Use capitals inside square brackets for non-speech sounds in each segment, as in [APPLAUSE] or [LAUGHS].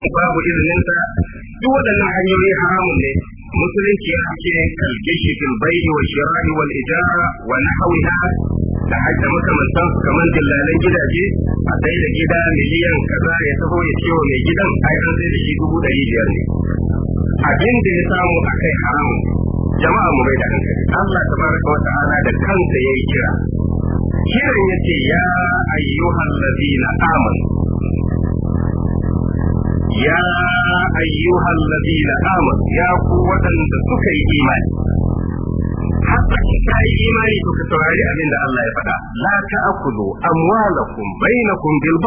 babu izininsa duk waɗannan hanyoyi haramun ne musulunci ya ce kalkishi fil bayni wa shira'i wal ijara wa nahwiha da hajja makamantan kamar dillalan gidaje a sai da gida miliyan kaza ya taho ya ce wa mai gidan ai an sai da shi dubu ɗari biyar ne abin da ya samu a kai haramun jama'a mu bai da hankali Allah tabaraka wa ta'ala da kansa yayi kira kiran yace ya ayyuhal ladina amanu ya ayyuhan ladina amanu ya ku waɗanda suka yi imani haka kika yi imani to ka saurari da Allah ya faɗa la ta'kulu amwalakum bainakum bil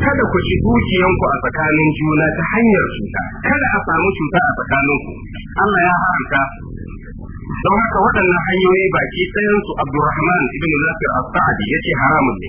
kada ku ci dukiyanku a tsakanin juna ta hanyar cuta kada a samu cuta a tsakaninku Allah ya haramta don haka waɗannan hanyoyi baki ɗayan su Abdurrahman ibn Nasir as-Sa'di yace haramun ne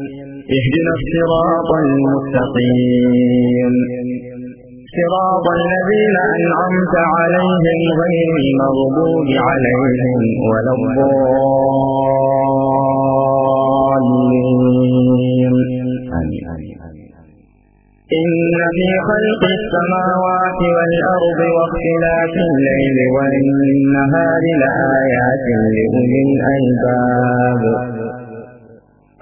اهدنا الصراط المستقيم صراط الذين أنعمت عليهم غير المغضوب عليهم ولا الضالين إن في خلق السماوات والأرض واختلاف الليل والنهار لآيات لأولي الألباب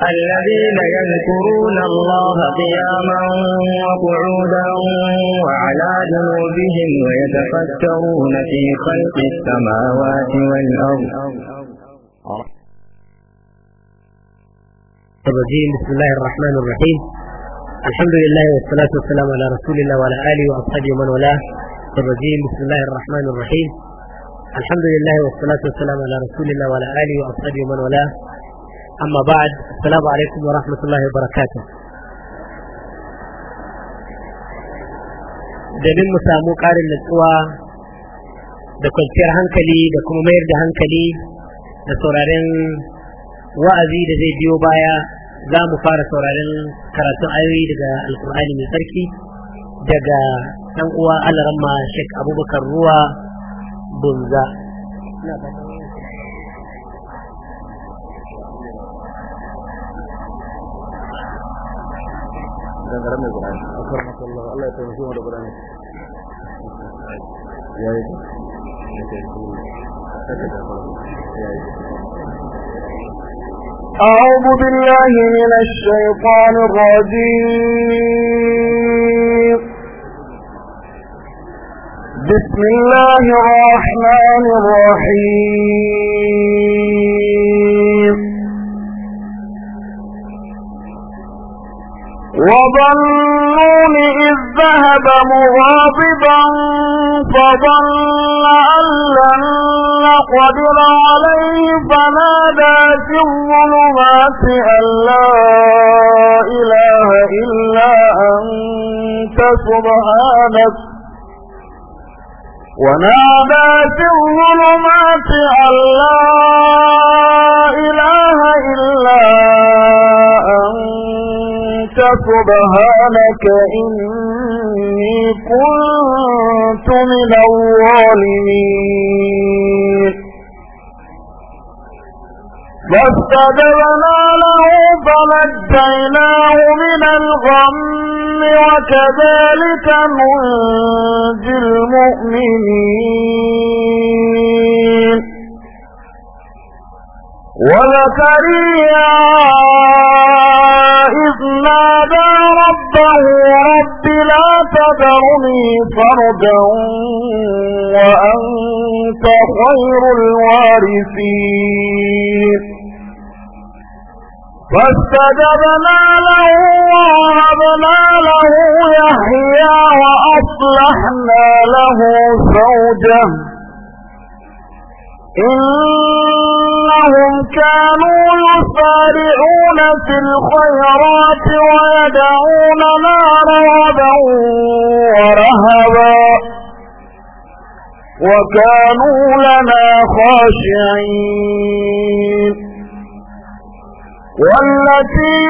الذين يذكرون الله قياما وقعودا وعلى جنوبهم ويتفكرون في خلق السماوات والأرض الرجيم بسم الله الرحمن الرحيم الحمد لله والصلاة والسلام على رسول الله وعلى آله وأصحابه ومن والاه الرجيم بسم الله الرحمن الرحيم الحمد لله والصلاة والسلام على رسول الله وعلى آله وأصحابه ومن والاه أما بعد السلام عليكم ورحمة الله وبركاته domin mu samu ƙarin natsuwa da kwanciyar hankali da kuma mayar da hankali da sauraren wa'azi da zai biyo baya za mu fara sauraren karatun ayoyi daga alkur'ani mai sarki daga ɗan uwa alaramma shek abubakar ruwa bunza dangane mai gudani a karmaka Allah Allah ya taimake mu da gudani ya yi أعوذ بالله من الشيطان الرجيم بسم الله الرحمن الرحيم مغاضبا فظن أن لن نقدر عليه فنادى في الظلمات أن لا إله إلا أنت سبحانك ونادى في الظلمات أن لا إله إلا أنت سبحانك إني كنت من الظالمين فاستجبنا له فنجيناه من الغم وكذلك ننجي المؤمنين وزكريا إذ نادى ربه رب لا تدرني فردا وأنت خير الوارثين فاستجبنا له ووهبنا له يحيى وأصلحنا له زوجه إن إنهم كانوا يسارعون في الخيرات ويدعوننا رغبا ورهبا وكانوا لنا خاشعين والتي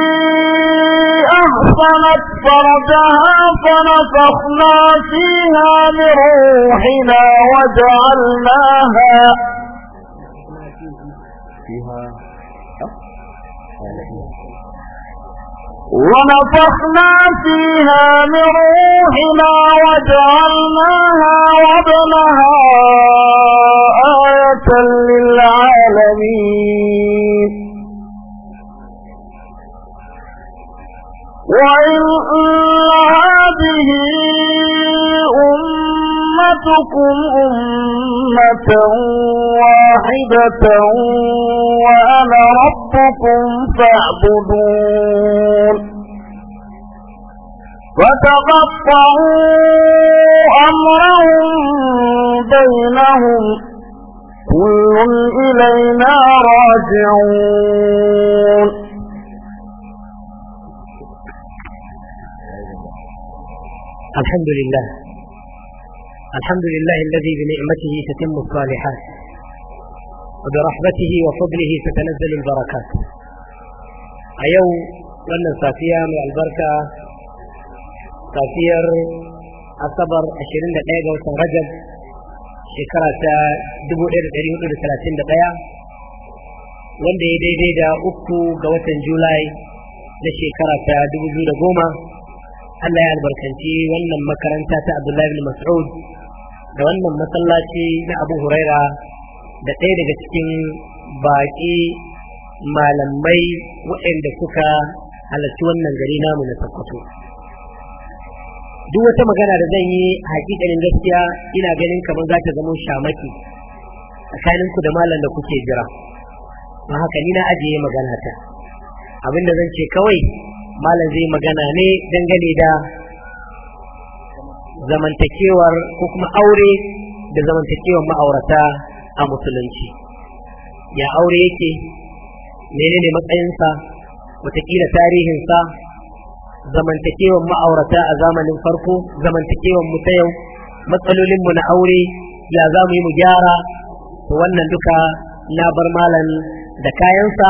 أحسنت فرجها فنفخنا فيها من روحنا وجعلناها فيها ونفخنا فيها من روحنا وجعلناها وابنها آية للعالمين وإن أمتكم أمة واحدة وأنا ربكم فاعبدون فتقطعوا أمرهم بينهم كل إلينا راجعون الحمد لله الحمد لله الذي بنعمته تتم الصالحات وبرحمته وفضله تتنزل البركات أيو wannan safiya mai albarka safiyar asabar 21 ga watan rajab shekara ta 1431 wanda ya daidai da uku ga watan julai na shekara ta 2010 Allah ya albarkanci wannan makaranta ta Abdullahi bin Mas'ud da wannan masallaci na abu huraira da ɗaya daga cikin baƙi malamai waɗanda suka halarci wannan gari namu na sakkwato duk wata magana da zan yi haƙiƙanin gaskiya ina ganin kamar za ta zama shamaki tsakanin ku da malam da kuke jira don haka ni na ajiye magana ta abinda zan ce kawai malam zai magana ne dangane da zamantakewar ko kuma aure da zamantakewar ma'aurata a musulunci ya aure yake menene matsayinsa watakila tarihinsa zamantakewar ma'aurata a zamanin farko zamantakewar mu ta yau matsalolin mu na aure ya za mu yi mu gyara wannan duka na bar malam da kayansa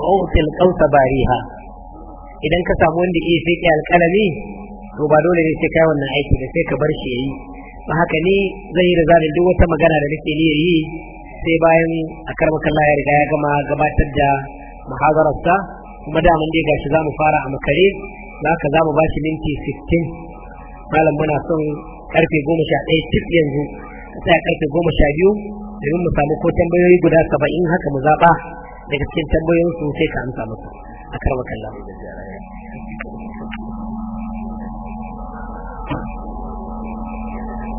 wa util qausa bariha idan ka samu wanda yake sai alƙalami to ba dole ne sai kai wannan aiki da sai ka bar shi yayi ba haka ne zai yi rizalin duk wata magana da nake ni yi sai bayan a Allah ya riga ya gama gabatar da muhazararsa kuma da mun dai gashi za mu fara a makare za ka za mu ba shi minti 15 malam muna son karfe 11 tik yanzu sai karfe 12 domin mu samu ko tambayoyi guda 70 haka mu zaba daga cikin tambayoyin su sai ka amsa musu a karmakalla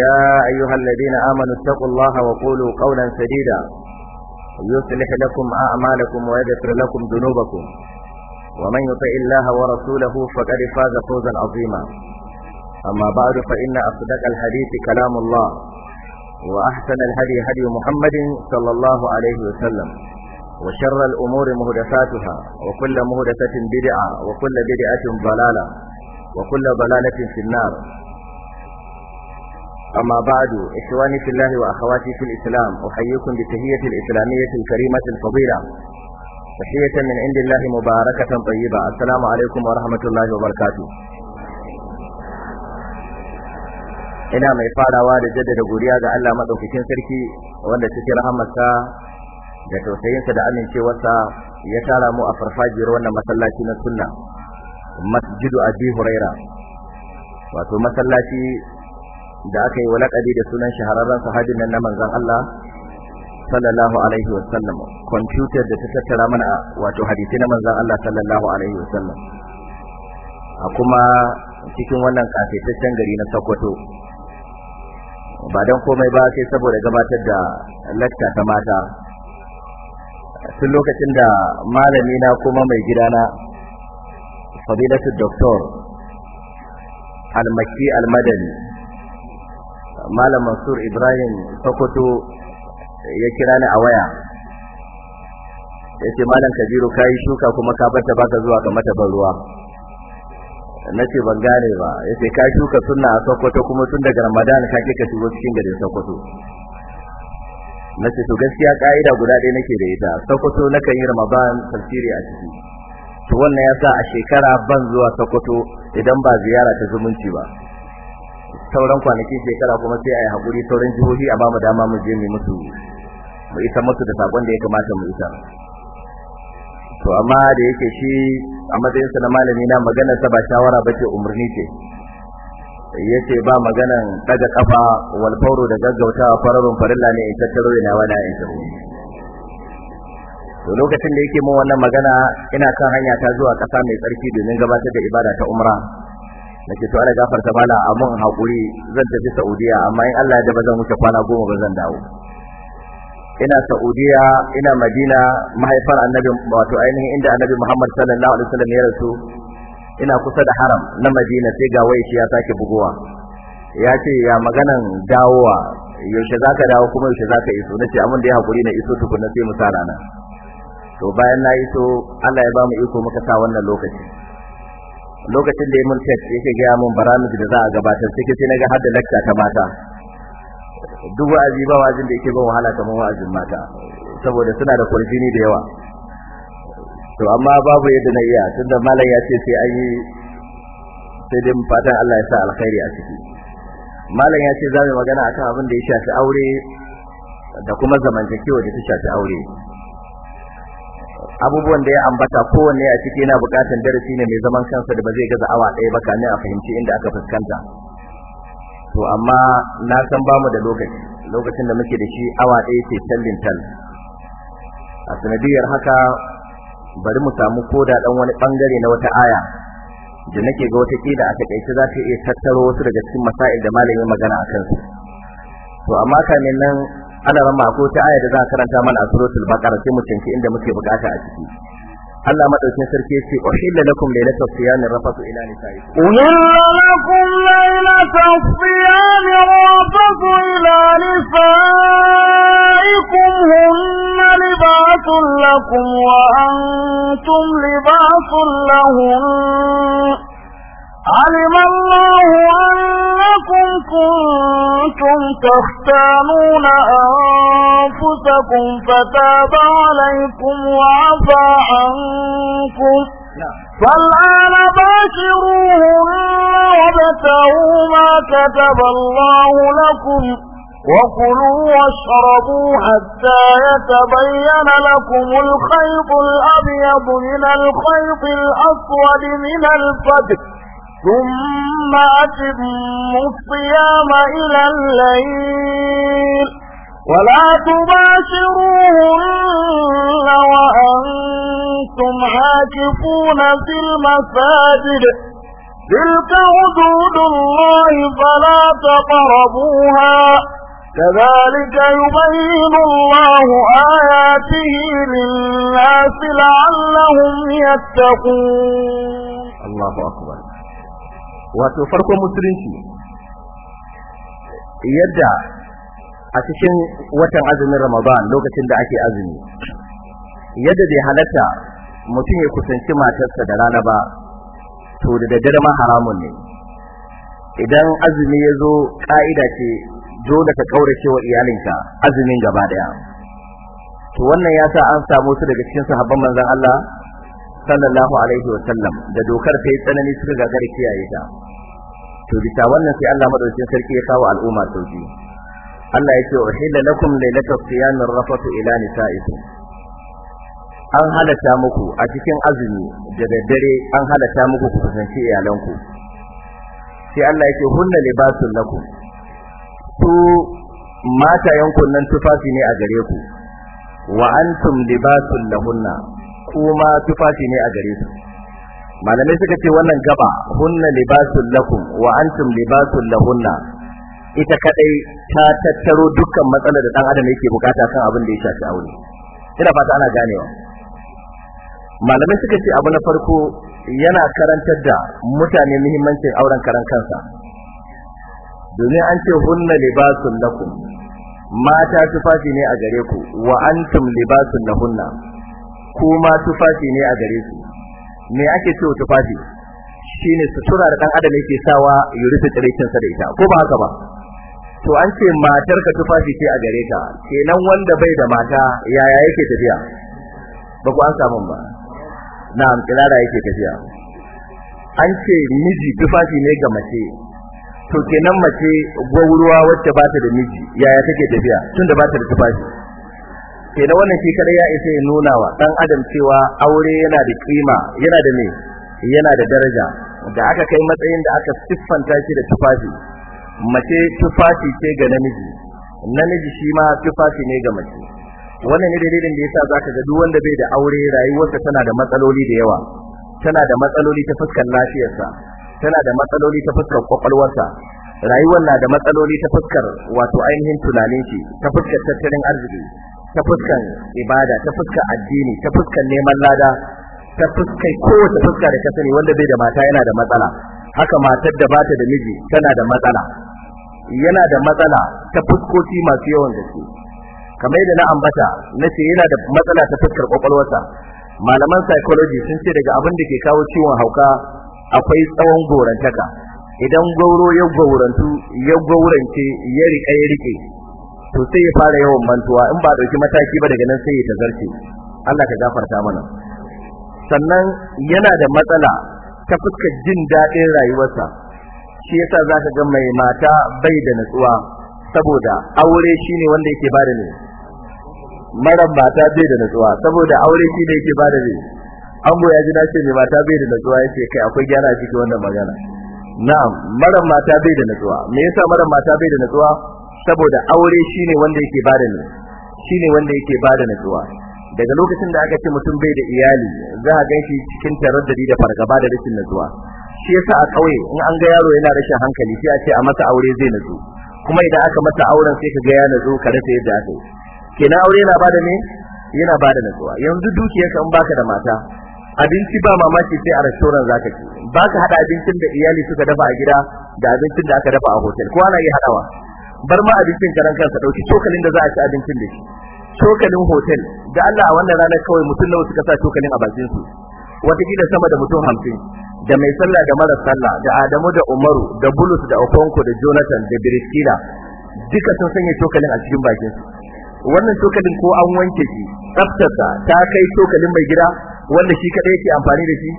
يا أيها الذين آمنوا اتقوا الله وقولوا قولا سديدا يصلح لكم أعمالكم ويغفر لكم ذنوبكم ومن يطع الله ورسوله فقد فاز فوزا عظيما أما بعد فإن أصدق الحديث كلام الله وأحسن الهدي هدي محمد صلى الله عليه وسلم وشر الأمور مهدفاتها وكل مهدفة بدعة وكل بدعة ضلالة وكل ضلالة في النار أما بعد إخواني في الله وأخواتي في الإسلام أحييكم بتهية الإسلامية الكريمة الفضيلة تحية من عند الله مباركة طيبة السلام عليكم ورحمة الله وبركاته ina mai farawa da jaddada godiya ga Allah madaukakin sarki wanda cikin rahamarsa da tausayinsa da amincewarsa ya tara mu a farfajiyar wannan masallaci na sunna masjidu abi huraira wato masallaci da aka yi walakadi da sunan shahararren sahabin nan na manzon Allah sallallahu alaihi wasallam computer da ta tattara mana wato hadisi na manzon Allah sallallahu alaihi wasallam a kuma cikin wannan kafetaccen gari na Sokoto ba dan komai ba sai saboda gabatar da lacca ta mata tun lokacin da malami na kuma mai gidana fadilatu doktor almaki almadani malam mansur ibrahim sokoto ya kira ni a waya ya ce malam kabiru ka yi shuka kuma ka bata baka zuwa ga mata ban ruwa na ce ban gane ba ya ce ka shuka sunna a sokoto kuma tun daga ramadan ka ke ka shigo cikin garin sokoto na ce to gaskiya ka'ida guda ɗaya nake da ita sokoto na kan yi ramadan tafsiri a ciki to wannan sa a shekara ban zuwa sokoto idan ba ziyara ta zumunci ba sauran kwanaki shekara kuma sai ayi hakuri sauran jihohi a bamu dama mu je mu musu mu isa musu da sakon da ya kamata mu isa to amma da yake shi a matsayin sa na malami na magana ta ba shawara bace umurni ce yace ba maganan daga kafa wal fawru da gaggautawa fararun farilla ne in tattaro ina wala in tattaro to lokacin da yake mu wannan magana ina kan hanya ta zuwa kasa mai tsarki domin gabatar da ibada ta umra nake to ana gafarta a amma hakuri zan tafi Saudiya amma in Allah ya da bazan wuce kwana goma ba zan dawo ina Saudiya ina Madina mahaifar Annabi wato ainihin inda Annabi Muhammad sallallahu alaihi wasallam ya rasu ina kusa da haram na Madina sai ga shi ya sake bugowa ya ce ya maganan dawowa yaushe zaka dawo kuma yaushe zaka iso nace amma da ya hakuri na iso tukunna sai mu sa rana to bayan na iso Allah ya ba mu iko muka sa wannan lokaci lokacin da ya mun yake gaya mun baramiji da za a gabatar sai sai na ga har da ta mata duk wa'azi ba wa'azin da yake ban wahala kamar wa'azin mata saboda suna da kurjini da yawa to amma babu yadda na iya tunda malam ya ce sai an sai dai fatan Allah ya sa alkhairi a ciki malam ya ce za mu magana akan abin da ya shafi aure da kuma zamantakewa da ta shafi aure abubuwan da ya ambata kowanne a ciki yana bukatan darasi ne mai zaman kansa da ba zai gaza awa ɗaya ba kamin a fahimci inda aka fuskanta to amma na san bamu da lokaci lokacin da muke da shi awa ɗaya ce tallin tal a sanadiyar haka bari mu samu ko da dan wani bangare na wata aya da nake ga wata kila a takaice za ta iya tattaro wasu daga cikin masail da malamin magana a kansu, to amma kamin nan ana rama ko ta aya da za karanta mana a suratul baqara sai mu tinki inda muke bukata a ciki Allah madaukin sarki yace uhilla lakum laylatul siyami rafatu ila nisaikum uhilla lakum laylatul siyami rafatu ila nisaikum hunna libasul lakum wa antum libasul lahum alima Allahu كنتم تختانون أنفسكم فتاب عليكم وعفى عنكم نعم. فالآن باشروهن وابتغوا ما كتب الله لكم وكلوا واشربوا حتى يتبين لكم الخيط الأبيض من الخيط الأسود من الفجر ثم ثم أتموا الصيام إلى الليل ولا تباشروهن وأنتم عاكفون في المساجد تلك حدود الله فلا تقربوها كذلك يبين الله آياته للناس لعلهم يتقون الله أكبر wato farkon musulunci yadda a cikin watan azumin Ramadan lokacin da ake azumi yadda bai halatta mutum ya kusanci matarsa da rana ba to da daddare ma haramun ne idan azumi ya zo ka'ida ce dole ka kaurace wa iyalinka azumin gaba daya to wannan ya sa an samu su daga cikin sahabban manzon Allah sallallahu alaihi wa sallam da dokar ta yi tsanani suka gagara kiyaye ta to bisa wannan sai Allah madaukakin sarki ya kawo al'umma sau biyu Allah ya ce hilla lakum lailatul siyamir rafatu ila nisaikum an halata muku a cikin azumi daga dare an halata muku ku kasance iyalanku sai Allah ya ce hunna libasul lakum su mata yankun nan tufafi ne a gare ku wa antum libasul lahunna kuma tufafi ne a gare ku malamai suka ce wannan gaba hunna libasul lakum wa antum libasul lahunna ita kadai ta tattaro dukkan matsalar da dan adam yake bukata kan abin da ya shafi aure ina fata ana ganewa malamai suka ce abu na farko yana karantar da mutane muhimmancin auren karan kansa domin an ce hunna libasul lakum mata tufafi ne a gare ku wa antum libasul lahunna kuma tufafi ne a gare ku. me ake shi tufafi shine sutura da ɗan adam yake sawa ya rufe tsirkin da ita ko ba haka ba to an ce matar ka tufafi ce a gare ka kenan wanda bai da mata yaya yake tafiya ba ku an samu ba na'am kirara yake tafiya an ce miji tufafi ne ga mace to kenan mace gwauruwa wacce ba ta da miji yaya take tafiya tun da ba ta da tufafi sai da wannan shi kadai ya isa ya nuna wa dan adam cewa aure yana da kima yana da me yana da daraja da aka kai matsayin da aka siffanta shi da tufafi mace tufafi ce ga namiji namiji shi ma tufafi ne ga mace wannan ne dalilin da yasa zaka ga duk wanda bai da aure rayuwarsa tana da matsaloli da yawa tana da matsaloli ta fuskar lafiyarsa tana da matsaloli ta fuskar kwakwalwarsa rayuwar na da matsaloli ta fuskar wato ainihin tunanin shi ta fuskar tattalin arziki ta fuskan ibada ta fuskan addini ta fuskan neman lada ta kowace fuska da ka sani wanda bai da mata yana da matsala haka matar da bata da miji tana da matsala yana da matsala ta fuskoki masu yawan gaske kamar yadda na ambata na ce yana da matsala ta fuskar kwakwalwarsa malaman psychology sun ce daga abin da ke kawo ciwon hauka akwai tsawon gorantaka idan gauro ya gaurantu ya gaurance ya riƙe ya riƙe to sai ya fara yawan mantuwa in ba dauki mataki ba daga nan sai ya tazarce Allah ka gafarta mana sannan yana da matsala ta fuskar jin daɗin rayuwarsa shi yasa zaka ga mai mata bai da natsuwa saboda aure shine wanda yake bada ne mara mata bai da natsuwa saboda aure shine yake bada ne an goya ji ce mai mata bai da natsuwa yake kai akwai gyara a cikin wannan magana na'am mara mata bai da natsuwa me yasa mara mata bai da natsuwa saboda aure shine wanda yake bada ne shine wanda yake bada natsuwa daga lokacin da aka ce mutum bai da iyali za a ganshi cikin taraddadi da fargaba da rashin natsuwa shi yasa a kauye in an ga yaro yana rashin hankali sai a ce a masa aure zai nazo kuma idan aka masa auren sai ka ga ya ka rasa yadda aka yi kenan aure yana bada ne yana bada natsuwa yanzu dukiyarka in baka da mata abinci ba mamaki sai a restaurant zaka ci baka hada abincin da iyali suka dafa a gida da abincin da aka dafa a hotel ko ana yi hadawa bar ma abincin karan kansa dauki cokalin da za a ci abincin da shi cokalin hotel da Allah a wannan ranar kawai mutum nawa suka sa cokalin a bakin su wata gida sama da mutum hamsin da mai sallah da mara sallah da Adamu da Umaru da Bulus da Okonko da Jonathan da Birkila duka sun sanya cokalin a cikin bakin su wannan cokalin ko an wanke shi tsaftarsa ta kai cokalin mai gida wanda shi kadai yake amfani da shi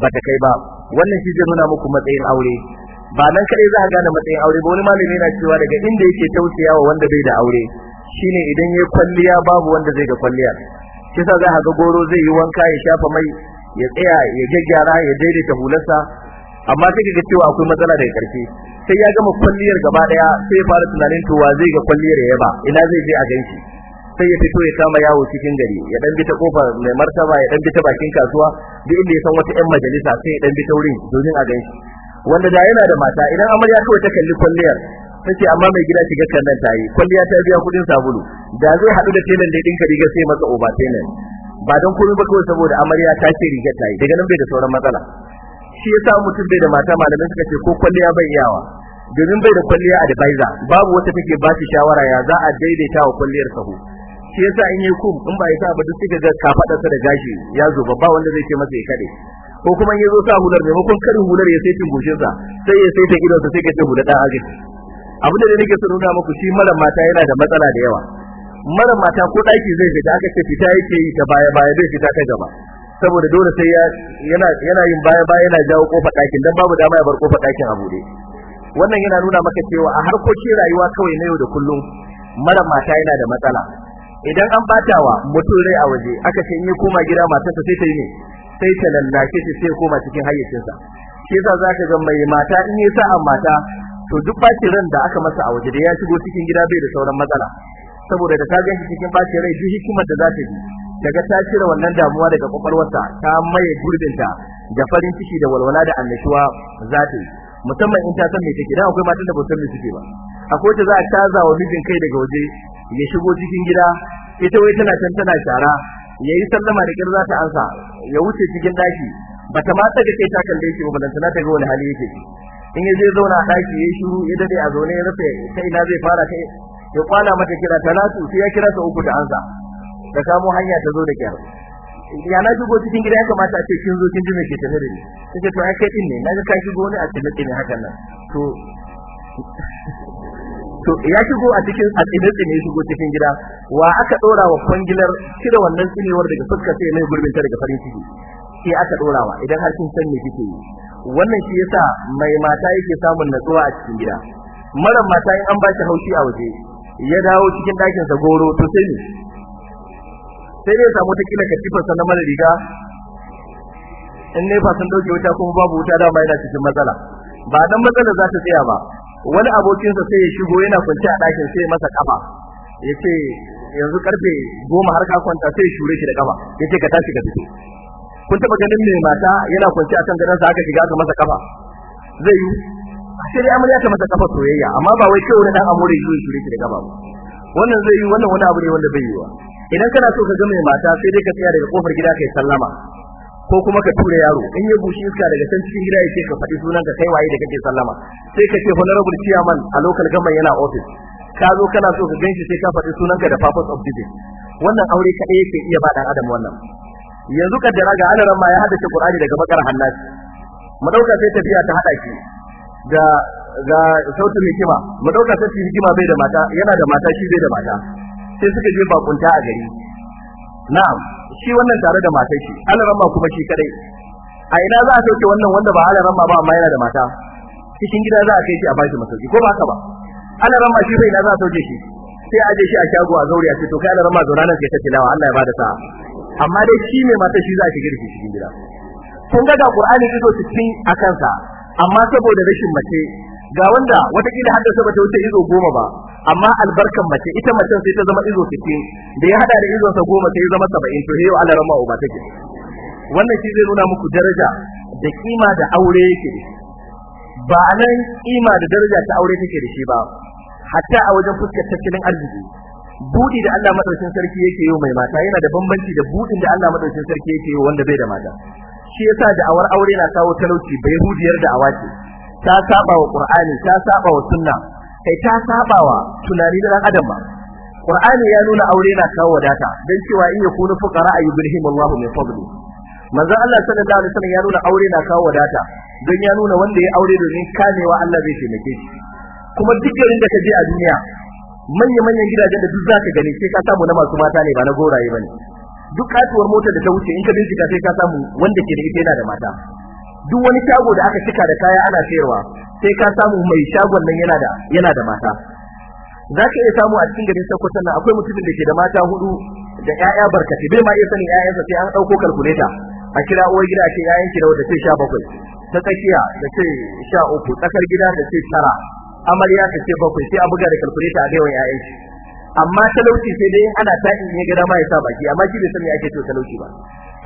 ba ta kai ba wannan shi zai nuna muku matsayin aure ba nan kadai za a gane matsayin aure ba wani malami yana cewa daga inda yake tausayawa wanda bai da aure shine idan ya kwalliya babu wanda zai ga kwalliya kisa za a ga goro zai yi wanka ya shafa mai ya tsaya ya gyaggyara ya daidaita hularsa amma sai ga cewa akwai matsala daga karshe sai ya gama kwalliyar gaba daya sai ya fara tunanin to wa zai ga kwalliyar ya ba ina zai je a ganshi sai ya fito ya kama yawo cikin gari ya dan bi ta kofa mai martaba ya dan bi ta bakin kasuwa duk inda ya san wata yan majalisa sai ya dan bi wurin domin a ganshi wanda da yana da mata idan amarya kawai ta kalli kwalliyar take amma mai gida shiga kan nan tayi kwalliya ta biya kudin sabulu da zai hadu da telan da dinka riga sai masa oba telan ba don komai ba kawai saboda amarya ta ce riga tayi daga nan bai da sauran matsala shi yasa mutum bai da mata malamin suka ce ko kwalliya bai yawa domin bai da kwalliya advisor babu wata take ba shi shawara ya za a daidaita wa kwalliyar sahu shi yasa in yi kum in ba ya sa ba duk suka ga kafadarsa da gashi ya zo ba wanda zai ce masa ya kade ko kuma in yazo sa hular ne maimakon karin hular ya goshin sa sai ya saita sa sai ka ce hular da agaji abu da nake so nuna muku shi mara mata yana da matsala da yawa mara mata ko daki zai fita aka ce fita yake yi ta baya baya zai fita ta gaba saboda dole sai yana yana yin baya baya yana jawo kofar dakin dan babu dama ya bar kofar dakin a bude wannan yana nuna maka cewa a harkokin rayuwa kawai na yau da kullum mara mata yana da matsala idan an batawa mutum rai a waje aka ce in yi koma gida matarsa sai ta yi ne sai ta lallace shi sai koma cikin hayyacinsa shi yasa zaka ga mai mata in yasa sa'a mata to duk bacin ran da aka masa a waje da ya shigo cikin gida bai da sauran matsala saboda da ta ganshi cikin bacin rai duk hikimar da za ta yi daga ta cire wannan damuwa daga kwakwalwarta, ta maye ta, da farin ciki da walwala da annashuwa za ta yi musamman in ta san me take dan akwai matan da ba san me suke ba akwai ta za a caza mijin kai daga waje ya shigo cikin gida ita wai tana can tana shara yayi sallama da kirza ta ansa ya wuce cikin daki bata mata da kai ta kalle shi ba balantana ta ga wani hali yake in ya je zauna a daki yayi shiru ya dade a zaune ya rufe sai ina zai fara kai ya kwana mata kira talatu sai ya kira ta uku ta ansa ta samu hanya ta zo da kyar ya na shigo cikin gida ya kamata a ce kin zo kin ji me ke tafe da ni kace to kai din ne naga ka shigo ne a cikin ne hakan nan to to ya shigo a cikin addinin tsine ya shigo cikin gida wa aka dora wa kwangilar cire wannan tsinewar daga fuska sai mai gurbin ta daga farin ciki sai aka dora wa idan har kin san me kike yi wannan shi yasa mai mata yake samun natsuwa a cikin gida mara mata in an ba shi haushi a waje ya dawo cikin ɗakin sa goro to sai ne sai ne samu ta kila katifar sa na mara riga in ne fa sun dauke wuta kuma babu wuta dama yana cikin matsala ba dan matsala za ta tsaya ba wani abokinsa sai ya shigo yana kwance a ɗakin sai masa kafa ya ce yanzu karfe goma har ka kwanta sai shure shi da kafa ya ce ka tashi ka fito kun taɓa ganin mai mata yana kwance a kan gadonsa aka shiga aka masa kafa zai yi sai dai amarya ta masa kafa soyayya amma ba wai kai wani dan amure shi shure shi da kafa ba wannan zai yi wannan wani abu ne wanda bai yi wa idan kana so ka ga mai mata sai dai ka tsaya daga kofar gida kai sallama ko kuma ka tura yaro in ya gushi iska daga can cikin gida yake ka faɗi sunan ka kai waye da kake sallama sai ka ce honorable chairman a local government yana office ka zo kana so ka ganshi sai ka faɗi sunan ka da purpose of visit wannan aure kaɗai yake iya ba dan adam wannan yanzu ka daraga ga ran ma ya haddace Qur'ani daga bakar hannaci mu dauka sai tafiya ta hada ki ga ga sautin hikima mu dauka sai hikima bai da mata yana da mata shi bai da mata sai suka je bakunta a gari na'am shi wannan tare da matar shi alaramma kuma shi kadai a ina za a sauke wannan wanda ba alaramma ba amma yana da mata cikin gida za a kai shi a bashi masauki ko ba haka ba alaramma shi bai ina za a sauke shi sai a je shi a shago a zauri a ce to kai alaramma zauna nan sai ta tilawa Allah ya bada sa amma dai shi mai mata shi za a shiga shi cikin gida kun ga da Qur'ani ido cikin akansa amma saboda rashin mace ga wanda wata kila haddasa bata wuce ido goma ba amma albarkan mace ita macen sai ta zama izo take da ya hada da izo sa goma sai ya zama 70 to yau Allah rama uba take wannan shi zai nuna muku daraja da kima da aure yake ba nan kima da daraja ta aure take da shi ba hatta a wajen fuskar tattalin arziki budi da Allah madaukakin sarki yake yi mai mata yana da bambanci da budin da Allah madaukakin sarki yake yi wanda bai da mata shi yasa da awar aure na kawo talauci bai hudiyar da awace ta saba wa qur'ani ta saba wa sunna sai ta sabawa tunani da adam ba Qur'ani ya nuna aure na kawo wadata dan cewa in kunu fuqara ayyuhum Allah min fadli manzo Allah sallallahu alaihi wasallam ya nuna aure na kawo wadata dan ya nuna wanda ya aure domin kamewa Allah zai taimake shi kuma duk garin da ka je a duniya manya manyan gidajen da duk zaka gani sai ka samu na masu mata ne ba na goraye bane duk katuwar motar da ta wuce in ka bincika sai ka samu wanda ke da ita yana da mata duk wani shago da aka cika da kaya ana sayarwa sai ka samu mai shagon nan yana da yana da mata za ka iya samu a cikin garin Sokoto nan akwai mutumin da ke da mata hudu da ƴaƴa barkati bai ma iya sanin ƴaƴansa sai an ɗauko kalkuleta a kira uwar gida a ce ƴaƴan ki da wata ce 17 ta tsakiya da ce 13 tsakar gida da ce 9 amarya da ce 7 sai a buga da kalkuleta a gaiwa ƴaƴan ki amma talauci sai dai ana ta in ya gida ma ya sa baki amma ki bai sani ake to talauci ba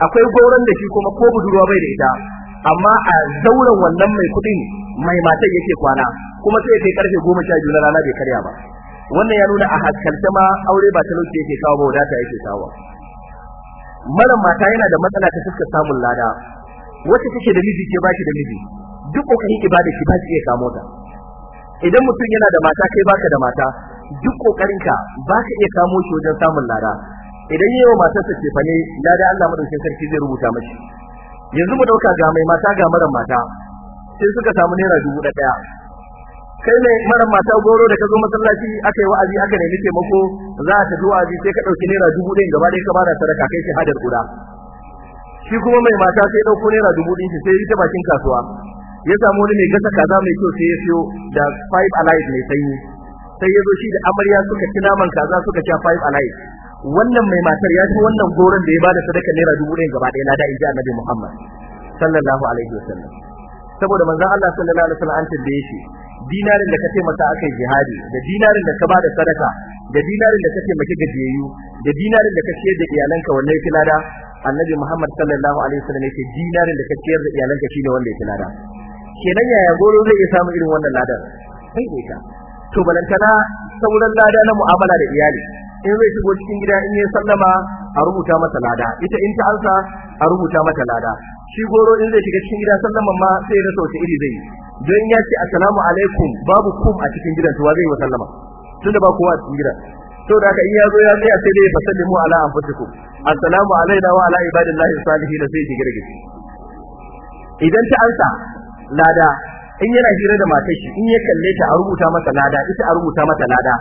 akwai gauran da shi kuma ko budurwa bai da ita amma a zauren wannan mai kuɗin mai matan yake kwana kuma sai kai karfe goma sha na rana bai karya ba wannan ya nuna a haskalce ma aure ba talauci yake kawo ba wadata yake kawo mara mata yana da matsala ta fuskar samun lada wacce take da miji ke ba ki da miji duk kokarin ibada ki ba ki iya kamo ta idan mutum yana da mata kai baka da mata duk ka ba ka iya kamo shi wajen samun lada idan yayi wa matarsa cefane lada Allah madaukakin sarki zai rubuta mashi yanzu mu dauka ga mai mata ga mara mata sai suka samu naira dubu ɗaya kai ne mara mata goro da ka masallaci aka yi wa'azi aka nemi taimako za a zuwa wa'azi sai ka ɗauki naira dubu ɗaya gaba ɗaya ka bada sadaka kai shahadar guda shi kuma mai mata sai dauko naira dubu ɗin sai yi ta bakin kasuwa ya samu wani mai gasa kaza mai kyau sai ya siyo da five alive mai sanyi sai ya zo shi da amarya suka ci naman kaza suka sha five alive wannan mai matar ya ji wannan goron da ya bada sadaka naira dubu ɗaya gaba ɗaya lada inji annabi Muhammad sallallahu alaihi wasallam saboda manzon Allah sallallahu alaihi wasallam an tambaye shi dinarin da ka taimaka akai jihadi da dinarin da ka bada sadaka da dinarin da ka taimaki gajiyayyu da dinarin da ka ciyar da iyalanka wannan ya lada annabi Muhammad sallallahu alaihi wasallam yake dinarin da ka ciyar da iyalanka shine wanda ya lada kenan yaya goro zai iya samu irin wannan ladar sai dai ka to balantana sauran lada na mu'amala da iyali in zai shigo cikin gida in ya sallama a rubuta masa lada ita in ta ansa a rubuta mata lada shi goro in zai shiga cikin gida sallama ma sai ya rasa wace iri zai don ya ce assalamu alaikum babu kum a cikin gidan to zai yi wa sallama Tun da ba kowa a cikin gidan to da haka in ya zo ya a sai dai fa sallimu ala anfusikum assalamu alaina wa ala ibadillahi salihin sai ki girgi idan ta ansa lada in yana hira da matar shi in ya kalle ta a rubuta mata lada ita a rubuta mata lada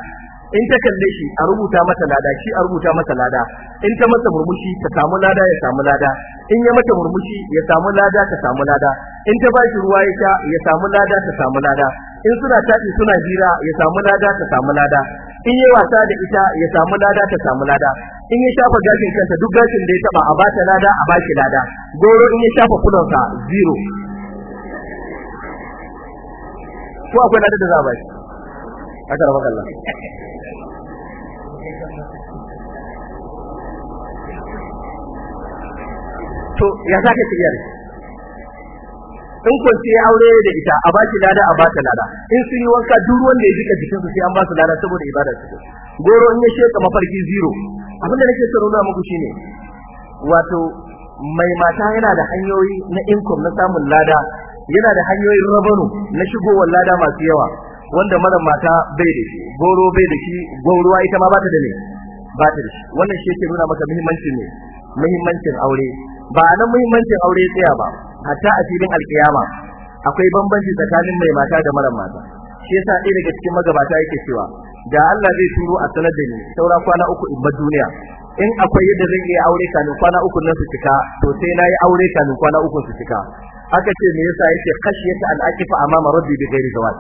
in ta kalle shi a rubuta mata lada shi a rubuta mata lada in ta masa murmushi ta samu lada ya samu lada in ya mata murmushi ya samu lada ta samu lada in ta ba shi ruwa ya sha ya samu lada ta samu lada in suna tafi suna hira ya samu lada ta samu lada in yi wasa da ita ya samu lada ta samu lada in ya shafa gashin kanta, duk gashin da ya taba a bata lada a bashi lada goro in ya shafa kudansa zero ko akwai lada da za a bashi haka rabakallah to ya zaka shirya ne in kun sai aure da ita a baki lada a ba ta lada in sun yi wanka duk wanda ya jika jikinsu sai an ba su lada saboda ibada su goro in ya sheka mafarki zero abinda nake tsoro na muku shine wato mai mata yana da hanyoyi na income na samun lada yana da hanyoyin rabonu na shigowar lada masu yawa wanda mara mata bai da shi goro bai da shi gwauruwa ita ma ba ta da ne ba ta da shi wannan shi ke nuna maka muhimmancin ne muhimmancin aure ba nan muhimmancin aure tsaya ba hatta a filin alkiyama akwai bambanci tsakanin mai mata da mara mata shi yasa ɗaya daga cikin magabata yake cewa da Allah zai turo a sanar da ni saura kwana uku in bar duniya in akwai yadda zan iya aure kamin kwana uku nan su cika to sai na yi aure kamin kwana uku su cika aka ce me yasa yake khashiyata al amma amama rabbi bi ghairi zawad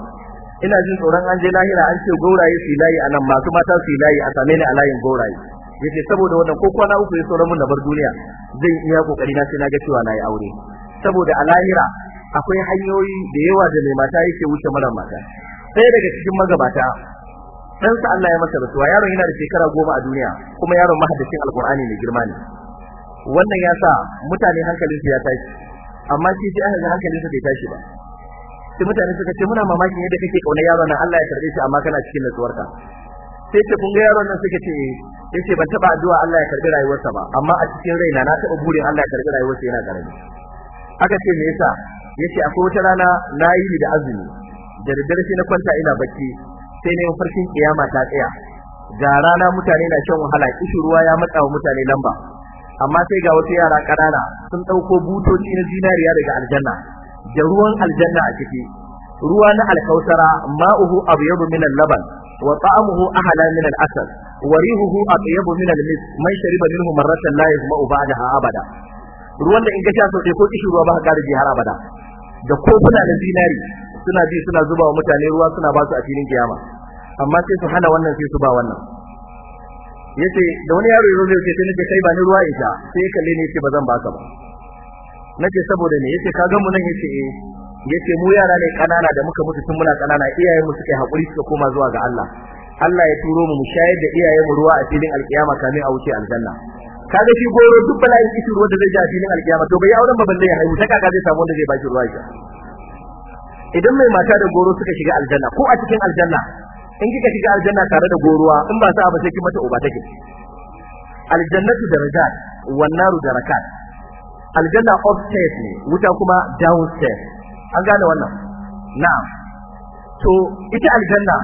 ina jin tsoron an je lahira an ce gauraye su yi layi a nan masu mata su yi layi a same ni a layin gauraye yace saboda wannan ko kwana uku ya sauran mun na bar duniya zan iya kokari na sai na ga cewa na yi aure saboda a lahira akwai hanyoyi da yawa da mai mata yake wuce mara mata sai daga cikin magabata dan sa Allah ya masa rasuwa yaron yana da shekara goma a duniya kuma yaron mahaddacin alqur'ani mai girma ne wannan ya sa mutane hankalinsu ya tashi amma shi ji aka hankalinsa bai tashi ba sai mutane suka ce muna mamakin yadda kake kauna yaron nan Allah ya karbe shi amma kana cikin nasuwarka sai ce kun ga yaron nan suka ce eh. sai ce ban taba addu'a Allah ya karbi rayuwarsa ba amma a cikin raina na taba burin Allah ya karbi rayuwarsa yana karami aka ce me yasa yace akwai wata rana yi ni da azumi da daddare sai na kwanta ina bacci sai ne farkin kiyama ta tsaya ga rana mutane na shan wahala kishi ruwa ya matsa wa mutane lamba amma sai ga wasu yara ƙanana sun ɗauko butoci na zinariya daga aljanna da ruwan aljanna a ciki ruwa na alkausara ma'uhu abyadu min al-laban wa ta'amuhu ahla min al-asal wa rihuhu atyabu min al-mis man shariba minhu marratan la yasma'u ba'daha abada ruwan da in ga sha sau ko kishi ruwa ba ka rage har abada da kofuna da zinari suna ji suna zuba wa mutane ruwa suna ba su a filin kiyama amma sai su hana wannan sai su ba wannan yace da wani yaro yazo zai ce sai nake kai ba ni ruwa in sha sai kalle ne yace ba zan baka ba nake saboda ne yace ka ga mu nan yace eh yace mu yara ne kanana da muka mutu tun muna kanana iyayen mu suka hakuri suka koma zuwa ga Allah Allah ya turo mu mu shayar da iyayen mu ruwa a filin alkiyama kamin a wuce aljanna kaga shi goro duk bala'in kishi ruwa da zai ja filin alkiyama to bai auren babban zai haihu ta kaka zai samu wanda zai baki ruwa ya idan mai mata da goro suka shiga aljanna ko a cikin aljanna in kika shiga aljanna tare da goruwa in ba sa ba sai ki mata uba take aljannatu darajat wan naru darakat aljanna upstairs ne wuta kuma downstairs an gane wannan na'am to ita aljanna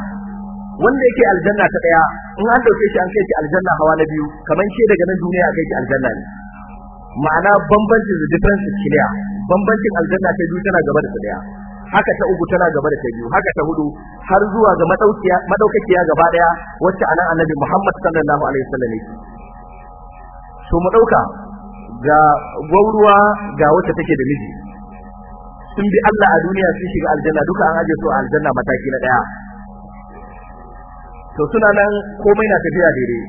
wanda yake aljanna ta daya in an dauke shi an kai shi aljanna hawa na biyu kamar ke daga nan duniya kai shi aljanna ne ma'ana bambanci the difference is clear bambancin aljanna ta biyu tana gaba da ta daya haka ta uku tana gaba da ta biyu haka ta hudu har zuwa ga madaukiya madaukakiya gaba daya wacce anan annabi Muhammad sallallahu alaihi wasallam yake so mu dauka ga gwauruwa ga wacce take da miji sun bi Allah a duniya sun shiga aljanna duka an aje su a aljanna mataki na daya to suna nan komai na tafiya daidai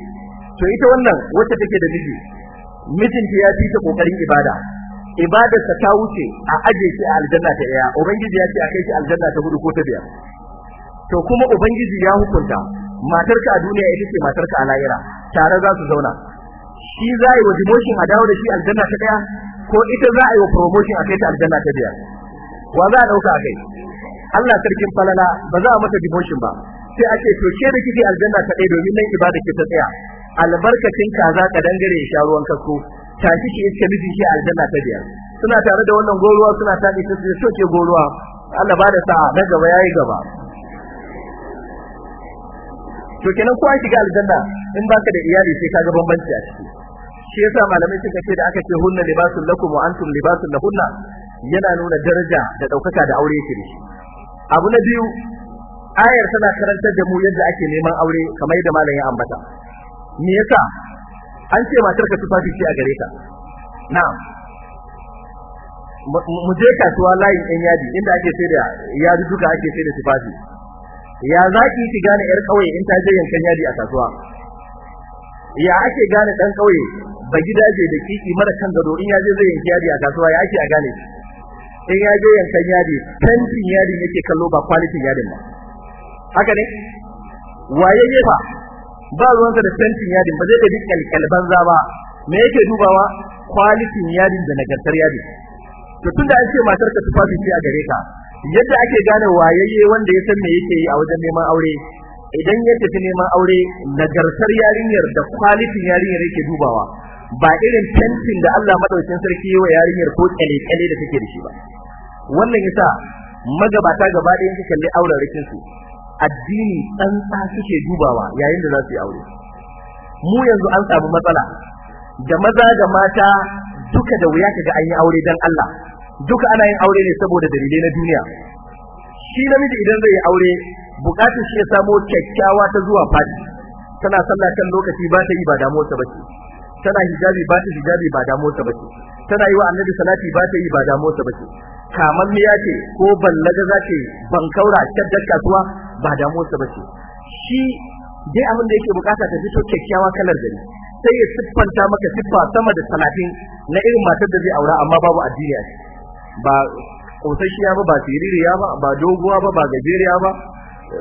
to ita wannan wacce take da miji mijinta ya fi ta kokarin ibada ta wuce a aje shi a aljanna ta daya ubangiji ya ce a kai shi aljanna ta hudu ko ta biyar to kuma ubangiji ya hukunta matarka a duniya ita ce matarka a lahira tare za su zauna shi za a yi wa demotion a dawo da shi aljanna ta daya ko ita za a yi wa promotion a kai ta aljanna ta biyar wa za a dauka kai Allah sarkin falala ba za a mata devotion ba sai ake to ke da kike aljanna ta dai domin nan ibada ke ta tsaya albarkacin kaza ka dangare ya sha ruwan kasko tashi ki iska miji shi aljanna ta biyar suna tare da wannan goruwa suna tadi ta su soke goruwa Allah ba da sa'a na gaba yayi gaba to kenan kowa shiga aljanna in baka da iyali sai ga bambanci a ciki shi yasa malamai suka ce da aka ce hunna libasul lakum wa antum libasul lahunna yana nuna daraja da daukaka da aure yake shi. abu na biyu ayar tana karantar da mu yadda ake neman aure kamar yadda malamin ya ambata me yasa an ce matar ka tufafi ce a gare ta na'am mu je kasuwa layin ɗan yadi inda ake sai da yadi duka ake sai da tufafi ya za ki ki gane yar kauye in ta je yankan yadi a kasuwa ya ake gane dan kauye ba gidaje da kiki mara kan gado in ya je zai yanki yadi a kasuwa ya ake a gane shi in ya je yankan yadi tantin yadi yake kallo ba quality yadin ba haka ne waye ne fa ba ruwansa da tantin yadin ba zai da kalban za ba me yake dubawa quality yadin da nagartar yadi to tunda an ce matar ka tufafi ce a gare ka yadda ake gane wayayye wanda ya san me yake yi a wajen neman aure idan ya tafi neman aure nagartar yarinyar da quality yarinyar yake dubawa ba irin tantin da Allah madaukakin sarki yayin wa yarinyar ko kale kale da take da shi ba wannan yasa magabata gaba ɗayan su kalli auren rikin su addini tsantsa suke dubawa yayin da za su yi aure mu yanzu an samu matsala da maza da mata duka da wuya kaga an yi aure dan Allah duka ana yin aure ne saboda dalilai na duniya shi namiji idan zai yi aure bukatun shi ya samo kyakkyawa ta zuwa fadi tana sallah kan lokaci ba ta yi ba damuwarsa ba ce tana hijabi ba ta hijabi ba damo ba bace tana yi wa annabi salati ba ta yi ba damo ba bace kamar miya ce ko ballaga za ce ban kaura shaddar kasuwa ba damo ba bace shi dai abin da yake bukata ta fito kyakkyawa kalar gari sai ya siffanta maka siffa sama da talatin na irin matar da zai aura amma babu addini a ba kosasshiya ba ba siririya ba ba doguwa ba ba gajeriya ba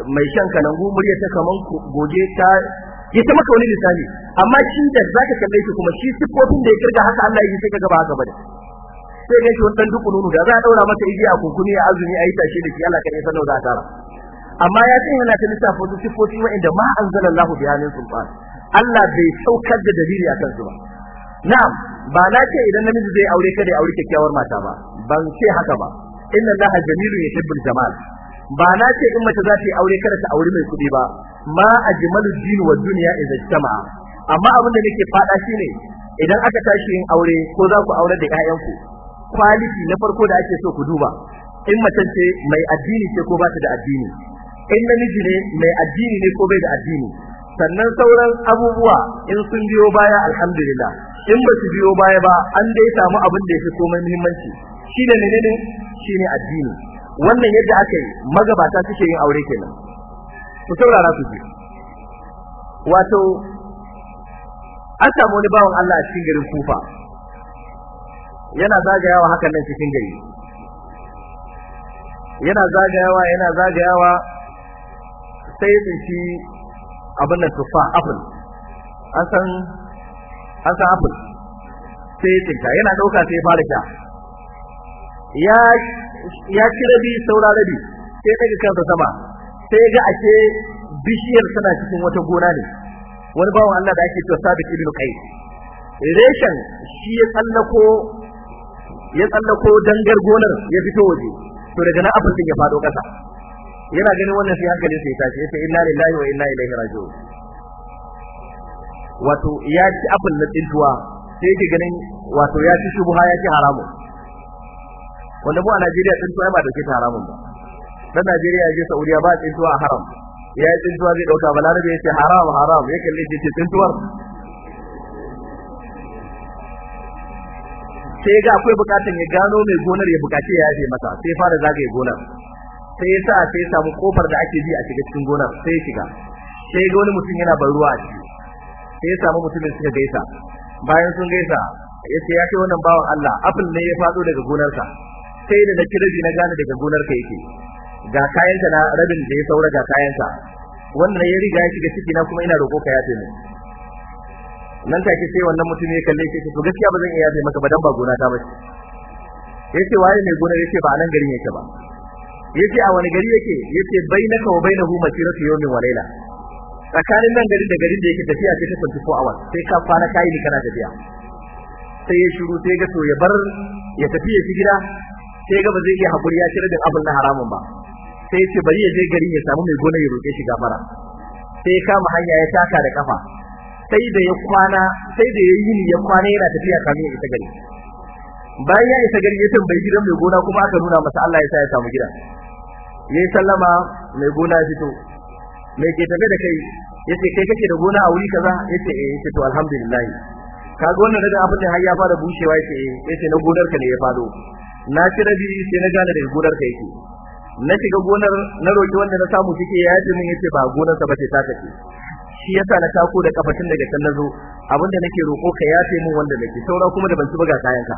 mai shan kanangu murya ta kaman goge ta ya ta maka wani lissafi amma shi da zaka kalle shi kuma shi sifofin da ya kirga haka Allah ya yi sai ka gaba haka bane sai ga shi wannan duk nunu da za a daura masa igiya a kunkuni a azumi a yi tashi da shi Allah kadai sanar da tara amma ya ce yana ta lissafa wasu sifofi wa'anda ma anzalallahu bi min sultan Allah bai saukar da dalili akan su ba na'am ba na ce idan namiji zai aure kada ya aure kyakkyawar mata ba ban ce haka ba inna Allah jamilun yuhibbul jamal ba na ce in mace za ta yi aure kada ta aure mai kuɗi ba ma ajmalu din wa dunya idza jama amma abin da nake fada shine idan aka tashi yin aure ko za ku aure da ku kwaliti na farko da ake so ku duba in mace ce mai addini ce ko ba ta da addini in namiji ne mai addini ne ko bai da addini sannan sauran abubuwa in sun biyo baya alhamdulillah in ba su biyo baya ba an dai samu abin da yafi komai muhimmanci shine ne ne addini wannan yadda aka yi magabata suke yin aure kenan ku saurara ku ce wato an samu wani bawan Allah a cikin garin Kufa yana zagayawa hakan nan cikin gari yana zagayawa yana zagayawa sai ya tsinci abin da tufa apple an san an san apple sai ya tsinka yana dauka sai ya fara sha ya ya ci rabi saura rabi sai ya kansa sama sai ga ake bishiyar tana cikin wata gona ne wani bawan Allah da ake cewa Sabiq ibn Qais reshen shi ya tsallako ya tsallako dangar gonar ya fito waje to daga nan abin ya fado kasa yana ganin wannan sai hankalin sai ya tashi yace inna lillahi wa inna ilaihi raji'un wato ya ci abin na tsintuwa sai yake ganin wato ya ci shubuha ya ci haramun wanda mu a Najeriya tsintuwa ba dauke ta haramun ba dan Najeriya ya je Saudiya ba tsintuwa a haram ya yi tsintuwa zai dauka balarabe ya ce haram haram ya kalli ce ce tsintuwar sai ga akwai bukatan ya gano mai gonar ya bukace ya yaje masa sai fara zagaye gonar sai ya sa sai ya samu kofar da ake bi a shiga cikin gonar sai ya shiga sai ga wani mutum yana ban ruwa a ciki sai ya samu mutumin suka gaisa bayan sun gaisa ya ce ya ce wannan bawan Allah apple ne ya fado daga gonarsa sai da na kirabi na gane daga ka yake ga kayanka na rabin da ya saura ga kayanka wannan ya riga ya shiga ciki na kuma ina roƙo ka yafe mu nan ta sai wannan mutum ya kalle shi to gaskiya ba zan iya yafe maka ba dan ba gona ta Ya yace waye mai gona yace ba nan garin yake ba yace a wani gari yake yace bainaka wa bainahu masiratu yawmin wa layla tsakanin nan garin da garin da yake tafiya sai ta 24 awa sai ka fara kai ni kana tafiya sai ya shiru sai ga to ya bar ya tafi ya gida sai ga ba zai iya hakuri ya shirin abin na haramun ba sai ya ce bari ya je gari ya samu mai gona ya roƙe shi gafara sai ya kama hanya ya taka da kafa sai da ya kwana sai da ya yi ya kwana yana tafiya kamin ya isa gari bayan ya isa gari ya tambayi gidan mai gona kuma aka nuna masa Allah ya sa ya samu gida ya yi sallama mai gona ya fito mai ke tafe da kai ya ce kai kake da gona a wuri kaza ya ce eh ya ce to alhamdulillah ka ga wannan daga abin da har ya fara bushewa ya ce eh ya ce na gonarka ka ne ya fado na ci rabi sai na gane da gonarka ka yake na shiga gonar na roki wanda na samu shike ya yace min yace ba gonar sa bace ta kace shi yasa na tako da kafatin daga can nazo abinda nake roko ka yace min wanda nake saura kuma da ban ci buga kayan ka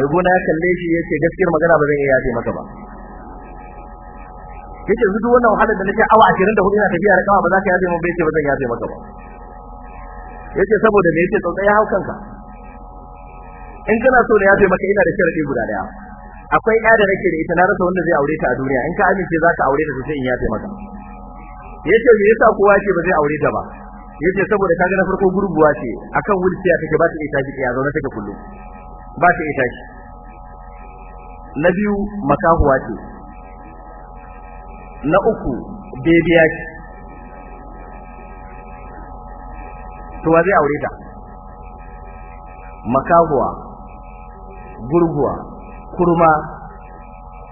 mai gona ya kalle shi yace gaskiyar magana ba zan iya yace maka ba yace yanzu duk wannan wahalar da nake awa 24 ina tafiya da kama ba za ka yace min ba yace ba zan yace maka ba yace saboda me yace hawkan ka in kana so da yace maka ina da sharadi guda daya akwai ɗa da nake da ita na rasa wanda zai aure ta a duniya in ka amince za ka aure ta sosai in ya maka yace me yasa kowa ce ba zai aure ta ba yace saboda kaga na farko gurguwa ce akan wulciya take ba ta ita shi ya zauna take kullum ba ta ita shi. na biyu makahuwa ce na uku bebiya ce to wa zai aure ta makahuwa gurguwa kurma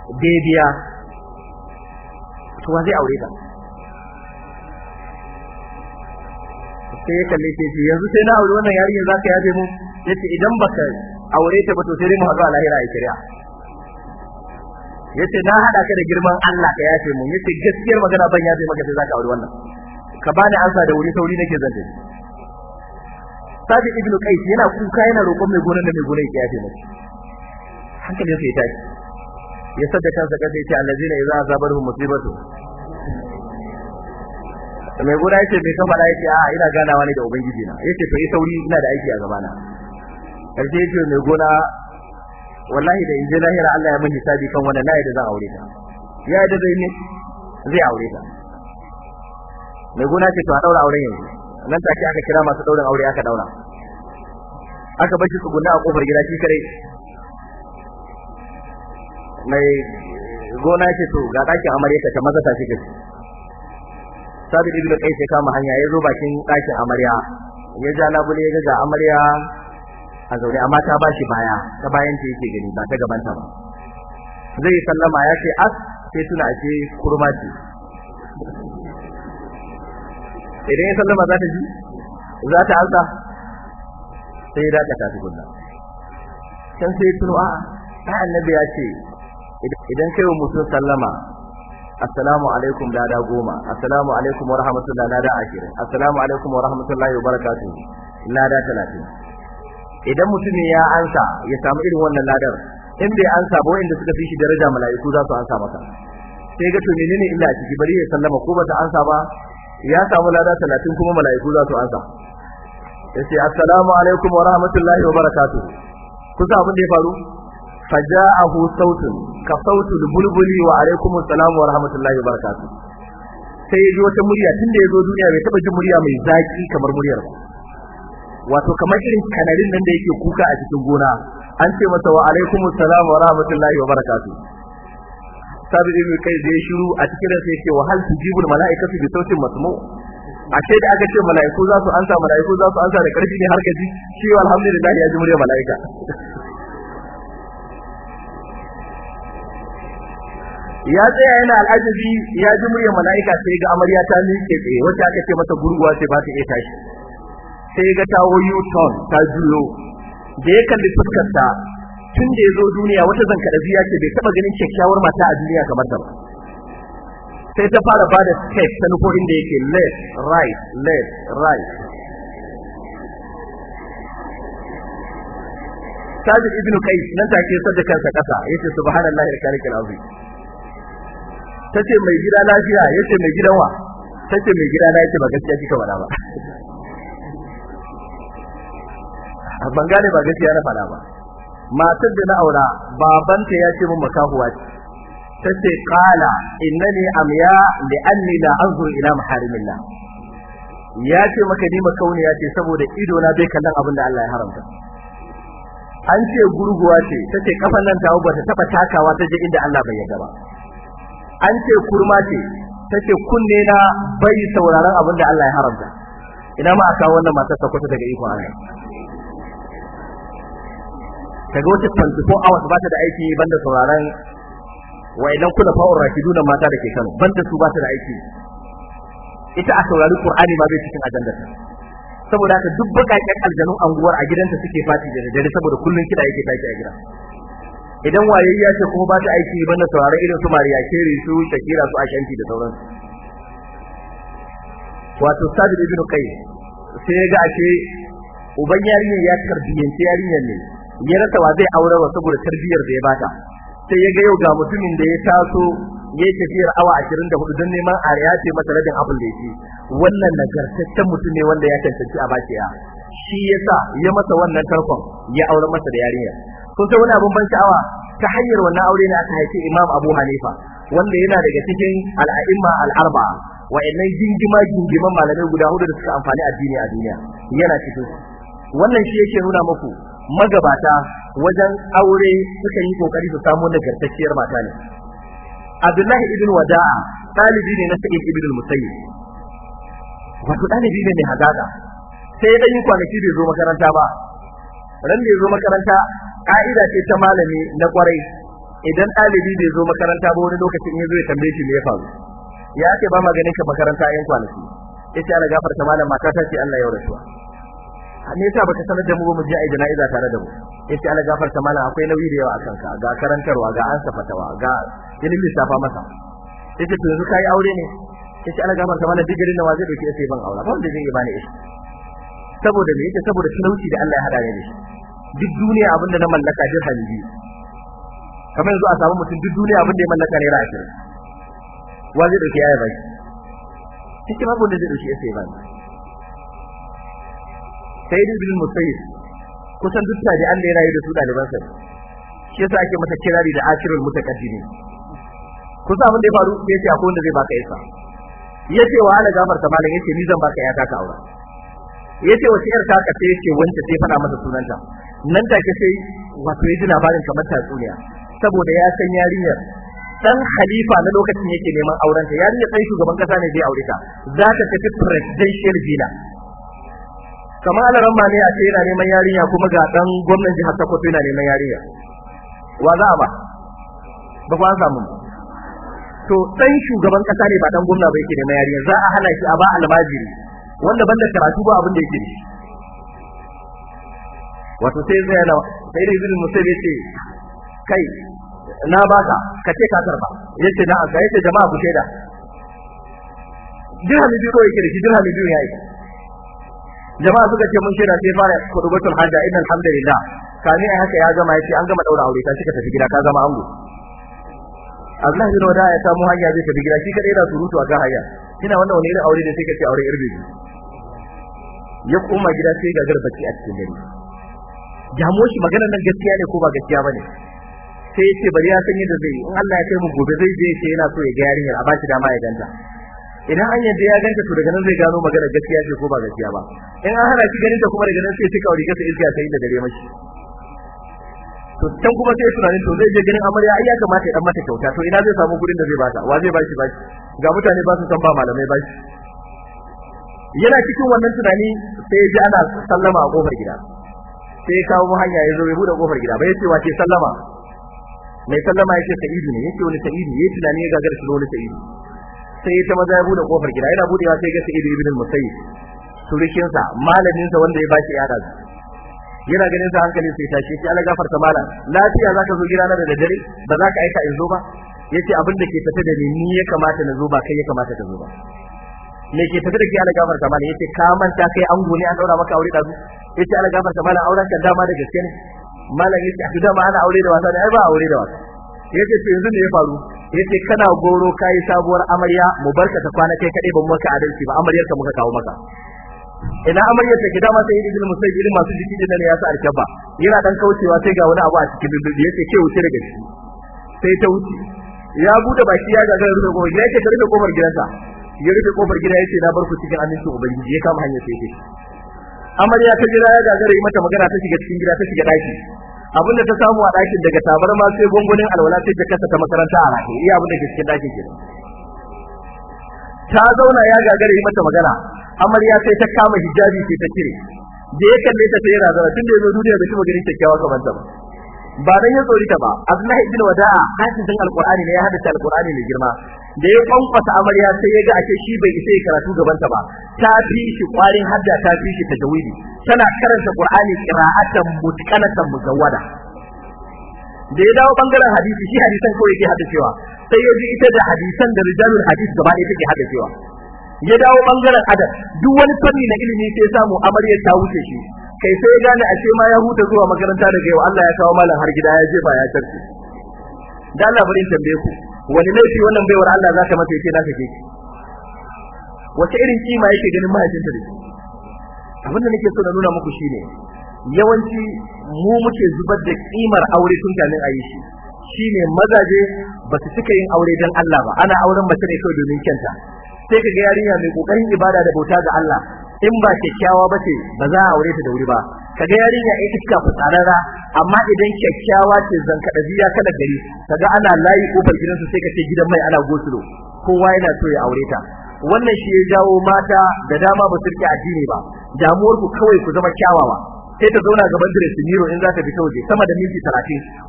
bebiya to wanzai zai aure ta sai ya kalle ke ce yanzu sai na aure wannan yarinya za ka yafe mu ya ce idan baka aure ta ba to sai dai mu haɗu a lahira a shari'a ya ce na haɗa ka da girman Allah ka yafe mu ya ce gaskiyar magana ban yafe maka sai za ka aure wannan ka bani ansa da wuri sauri nake zan tafi Sadi ibn Kai yana kuka yana roƙon mai gonar da mai gonar ya yafe maka hankalin sai ki? ya sadda kansa kace ce a zabar mu musibatu mai guda yake mai kafa ya ce a ina ganawa wani da ubangiji na yake to yi sauri ina da aiki a gaba na karshe yake mai gona wallahi da inji lahira Allah ya mun hisabi kan wannan nayi da zan aure ta ya da zai ne zai aure ta mai gona ce to a daura auren yanzu nan take aka kira masu daura aure aka daura aka bar shi tsugunna a kofar gida shi kare mai gona ce to ga ɗakin amarya ta maza ta shiga sabi ibn qais ya kama hanya ya zo bakin ɗakin amarya ya ja labule ya ga amarya a zaune amma ta ba shi baya ta bayan ta yake gani ba ta gaban ta ba zai sallama ya ce as sai tuna ake kurma ce idan ya sallama za ta ji za ta alta sai ya dakata tukunna can sai tuno a ta annabi ya ce idan kai wa mutum sallama assalamu alaikum dada goma assalamu alaikum wa rahmatullahi lada ashirin assalamu alaikum wa rahmatullahi wa barakatuh lada talatin idan mutum ya ansa ya samu irin wannan ladar in bai ansa ba wanda suka fi shi daraja mala'iku za su ansa maka. sai ga to menene illa ciki bari ya sallama ko bata ansa ba ya samu lada talatin kuma mala'iku za su ansa sai assalamu alaikum wa rahmatullahi wa barakatuh kusa abin da ya faru faja'ahu sautun ka sautul bulbuli wa alaikum assalam wa rahmatullahi wa barakatuh sai ya wata murya tunda ya zo duniya bai taba jin murya mai zaki kamar muryar wato kamar irin kanarin nan da yake kuka a cikin gona an ce masa wa alaikum assalam wa rahmatullahi wa barakatuh sabi ibn kai da ya shiru a cikin sai yake wa hal tujibul malaikatu bi sautin masmu ashe da aka ce malaiku za su ansa malaiku za su ansa da karfi ne har shi ji shi alhamdulillah ya ji muryar malaika ya tsaya yana al'ajabi ya ji muryar mala'ika sai ga amarya ta miƙe tsaye wacce aka ce mata gurguwa sai ba ta iya tashi sai ga ta wo yuton ta juyo da ya kalli fuskar ta tun da ya zo duniya wata ya ce bai taba ganin kyakkyawar mata a duniya kamar ta ba sai ta fara bada step ta nufo inda yake left right left right Sajid ibn kai nan take sadda kansa kasa yace subhanallahi alkalikal azim tace mai gida lafiya yace mai gidan wa tace mai gida na yace ba gaskiya kika faɗa ba a [LAUGHS] bangare ba gaskiya na faɗa ba matar da na aura babanta ya ce mun makahuwa ce tace kala innani amya li anni la anzur ila maharimillah ya ce maka ni makauniya ce saboda ido na bai kallon abin da Allah ya haramta an ce gurguwa ce tace kafan nan ta ba ta taba takawa ta je inda Allah bai yarda ba an ce kurma ce ce kunne na bai sauraron abin da Allah ya haramta ina ma aka wannan matar ta kwata daga ikon Allah kaga wata ko hours ba ta da aiki banda sauraron idan kula fa'ur rakiduna mata da ke Kano banda su ba ta da aiki ita a saurari Qur'ani ma bai cikin ta saboda haka duk bakakken aljanun anguwar a gidanta suke fati da dare saboda kullun kida yake taki a gida idan wayayya ce kuma ba ta aiki ba na saurari irin su Mariya Carey su Shakira su Ashanti da su? wato Sabit ibn kai sai ga ashe uban yarinyar ya tarbiyyance yarinyar ne ya rasa wa zai aure wa saboda tarbiyyar da ya bata sai ya ga yau ga mutumin da ya taso ya yayi tafiyar awa 24 don neman ariya ce masa abin da yake wannan nagartaccen mutum ne wanda ya tantance a bakiya shi yasa ya masa wannan tarkon ya aure masa da yarinya kun san wani abin ban sha'awa ta hanyar wannan aure ne aka haifi Imam Abu Hanifa wanda yana daga cikin al'a'imma wa wa'annan jingima jingiman malamai guda hudu da suka amfani addini a duniya yana cikin wannan shi yake nuna muku magabata wajen aure suka yi kokari su samu nagartacciyar mata ne Abdullahi ibn Wada'a ɗalibi ne na Sa'id ibn Musayyib wato ɗalibi ne mai hadada sai dan yi kwanaki bai zo makaranta ba ran da ya zo makaranta ka'ida ce ta malami na kwarai idan ɗalibi bai zo makaranta ba wani lokacin ya zo ya tambaye shi me ya faru ya ce ba maganin ka makaranta yan kwanaki Ya ce ana gafarta malam ta ce Allah ya rasuwa me yasa baka sanar da mu ba mu je ai jana'iza tare da mu Ya ce ana gafarta malam akwai nauyi da yawa a kanka, ga karantarwa ga ansa fatawa ga ilmin lissafa masa Ya ce to yanzu yi aure ne Ya ce ana gafarta malam digirin nawa zai dauki ce ban aura ba wanda zai yi bani ishi saboda me yace saboda talauci da Allah ya hada ne da shi duk duniya abin da na mallaka dirhami biyu kamar yanzu a samu mutum duk duniya abin da ya mallaka naira ashirin wa zai dauki yaya bai cikin abin da zai dauki sai ba sai dai bin musayyib kusan duk tare an da ya rayu da su daliban sa shi yasa ake masa kirari da ashirul ne, kusa abin da ya faru yace akwai wanda zai baka yasa yace wa ala gafarta malam yace ni zan baka ya kaka aura Ya ce wace yar ta kace yace wanda sai fada masa sunanta nan take sai wato yaji labarin kamar tatsuniya saboda ya san yarinyar dan khalifa na lokacin yake neman aurenta yarinyar sai shugaban kasa ne zai aure ta za ta tafi presidential villa kamar alaran ma ne a ce yana neman yarinya kuma ga dan gwamnan jihar Sokoto yana neman yarinya wa za a ba ba ku samu to dan shugaban kasa ne ba dan gwamna ba yake neman yarinya za a hana shi a ba almajiri wanda ban da karatu ba abin da yake ne wato sai zai yana sai da ibn musayyib ce kai na baka ka ce ka karba yace na Ya yace jama'a ku shaida dirhami biyu kawai yake da shi ne biyu yayi jama'a suka ce mun shaida sai fara kudubatul hajja inna alhamdulillah kani ai haka ya gama yace an gama daura aure ta shi ka tafi gida ka zama ango Allah bin wada ya samu hanya zai tafi gida shi kadai yana surutu a kan hanya kina wannan wani irin aure ne sai ka ce aure irbi ya koma gida sai ga garbaci a cikin dare jamo shi maganar nan gaskiya ne ko ba gaskiya bane sai yace bari ya san yadda zai in Allah ya kai mu gobe zai je sai yana so ya ga yarinyar a ba shi dama ya ganta idan an yadda ya ganta to daga nan zai gano maganar gaskiya ce ko ba gaskiya ba in an hana shi ganin ta kuma daga nan sai cika wuri gasa iska sai da dare mashi to can kuma sai tunanin to zai je ganin amarya ai ya kamata ya dan mata kyauta to ina zai samu gurin da zai bata wa zai bashi bashi ga mutane ba su san ba malamai bashi yana cikin wannan tunani sai ya ji ana sallama a kofar gida sai ya kawo hanya ya zo ya bude kofar gida bai ce wace sallama mai sallama ya ce sa'idu ne yake wani sa'idu yayi tunani ya gagar shi wani sa'idu sai ya ta maza ya bude kofar gida yana budewa sai ga sa'idu ibn musayyib surikin sa malamin sa wanda ya bashi yada yana ganin sa hankali sai tashi yace Allah gafarta mala lafiya zaka zo gidana da daddare ba za ka aika in zo ba yace abin da ke tafe da ni ni ya kamata na zo ba kai ya kamata ka zo ba me ke tafi da ke ala gafar ta malam yace ka manta kai ango ne an daura maka aure da su yace ala gafar ta malam auren ka dama da gaske ne malam yace a dama ana aure da wasa ne ai ba aure da wasa yace to yanzu ne ya faru yace kana goro kai sabuwar amarya mu barka ta kwana kai kadai ban maka adalci ba amaryar ka muka kawo maka ina amaryar ta gida ma sai irin musayi irin masu jiki da ne ya sa alkaba yana dan kaucewa sai ga wani abu a cikin bibbi yace ke wuce daga shi sai ta wuce ya bude baki ya gagara rufe kuma ya ce ta rufe kofar gidansa ya rufe kofar gida yace na bar ku cikin amincin ubangiji ya kama hanyar sai amarya ta jira ya gagara yi mata magana ta shiga cikin gida ta shiga daki abinda ta samu a dakin daga tabarma sai gungunin alwala sai jakarta ta makaranta a rahi iya abinda ke cikin dakin gida. ta zauna ya gagara yi mata magana amarya sai ta kama hijabi sai ta kire da ya kalle ta sai razana tunda yazo duniya bai taba ganin kyakkyawa kamar ta ba ba dan ya tsori ta ba Abdullahi ibn Wada'a hadisin alqur'ani ne ya hadisi alqur'ani mai girma da ya kwankwasa amarya sai ya ga ake shi bai isa ya karatu gabanta ba ta fi shi kwarin hadda ta fi shi tajawidi tana karanta qur'ani qira'atan mutqanatan mujawwada da ya dawo bangaren hadisi shi hadisan kawai yake hada cewa sai ya ji ita da hadisan da rijalul hadis gaba ɗaya take hada cewa ya dawo bangaren adab duk wani fanni na ilimi sai samu amarya ta wuce shi kai sai ya gane ashe ma ya huta zuwa makaranta daga yau Allah ya kawo malam har gida ya jefa ya tarki da Allah bari tambaye ku wani laifi wannan baiwar Allah za ta masa yake na ka ki wace irin kima yake ganin mahaifinta da abin da nake so na nuna muku shine yawanci mu muke zubar da kimar aure tun kamin a yi shi shine mazaje ba su cika yin aure don Allah ba ana auren mace ne kawai domin kyanta sai ka ga yarinya mai kokarin ibada da bauta ga Allah in ba kyakkyawa ba ce ba za a aure ta da wuri ba kaga yarinya ai iska tsarara, amma idan kyakkyawa ce da biya kada gari kaga ana layi kofar gidansu sai ka ce gidan mai ana gosulo kowa yana so ya aure ta wannan shi ya jawo mata da dama ba su rike addini ba damuwar ku kawai ku zama kyawawa sai ta zauna gaban dressing miro in za ta fita waje sama da minti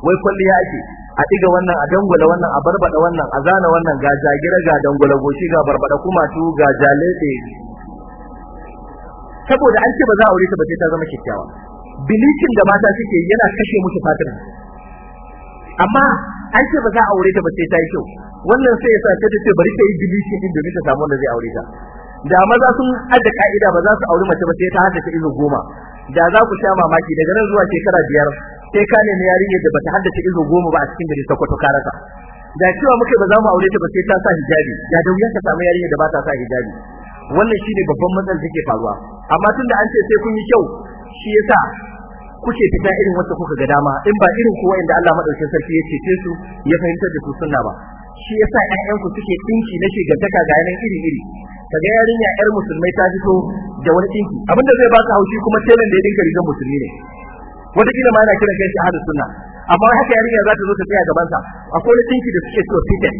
30 wai ya ake a diga wannan a dangula wannan a barbada wannan a zana wannan ga jagira ga dangula goshi ga barbada kumatu ga jalete saboda an ce ba za a aure ta ba sai ta zama kyakkyawa bilicin da mata suke yana kashe musu fatima amma an ce ba za a aure ta ba sai ta yi kyau wannan sai ya sa ta ce bari ta yi bilicin din da ta samu wanda zai aure ta da maza sun adda ka'ida ba za su auri mace ba sai ta haddace izo goma da za ku sha mamaki daga nan zuwa shekara biyar sai ka nemi yarinyar da bata haddace izo goma ba a cikin gari Sokoto ka da cewa muke ba za mu aure ta ba sai ta sa hijabi ya da wuya ka samu yarinyar da ba ta sa hijabi wannan shine babban matsalar take faruwa amma tunda an ce sai kun yi kyau shi yasa kuke fita irin wacce kuka ga dama in ba irin kuwa inda Allah madauke sarki ya cece su ya fahimtar da ku sunna ba shi yasa ƴaƴan ku suke dinki na shigantaka ga yanan iri iri kaga yarinya ƴar musulmai ta fito da wani dinki abinda zai ba su haushi kuma telan da ya dinka rigar musulmi ne wata kila ma yana kiran kai shi ahlus sunna amma haka yarinya za ta zo ta tsaya gaban sa akwai wani dinki da suke so fitan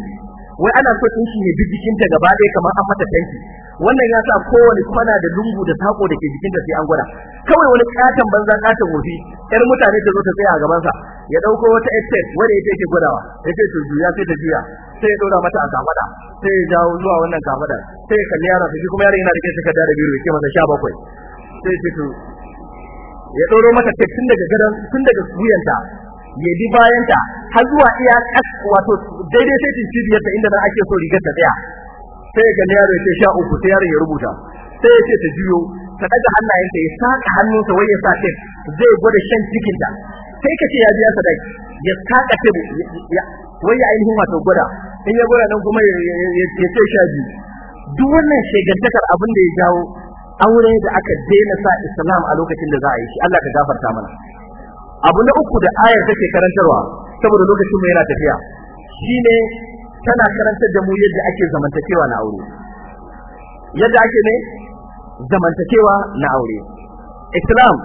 wai ana so dinki ne duk jikinta gaba ɗaya kamar an mata tanki wannan ya sa kowane kwana da lungu da tako da ke jikin da sai an gwada kawai wani katon banza katon wofi yar mutane ta zo ta tsaya a gaban sa ya dauko wata estet wanda yake yake gwadawa ce to juya sai ta juya sai ya dora mata a kafada sai ya jawo zuwa wannan kafada sai ya kalli yaron shi kuma yaron yana da kai da biro yake masa 17 sai ya to ya doro mata tun daga gadan tun daga wuyanta ya bi bayanta har zuwa iya kas wato daidai sai cibiyar ta inda nan ake so rigar ta tsaya sai ya gani yaro ya sha uku sai yaron ya rubuta sai ya ce ta juyo ta daga hannayenta ya saka hannunsa wai ya sa tef zai gwada shan cikin sai ka ce ya biya sadaki ya saka tef wai ya ainihin wato gwada in ya gwada nan kuma ya ce sha biyu duk wannan shegantakar abin da ya jawo aure da aka daina sa islam a lokacin da za a yi shi Allah ka gafarta mana abu na uku da ayar take karantarwa saboda lokacin mu yana tafiya shine tana karantar da mu yadda ake zamantakewa na aure yadda ake ne zamantakewa na aure islam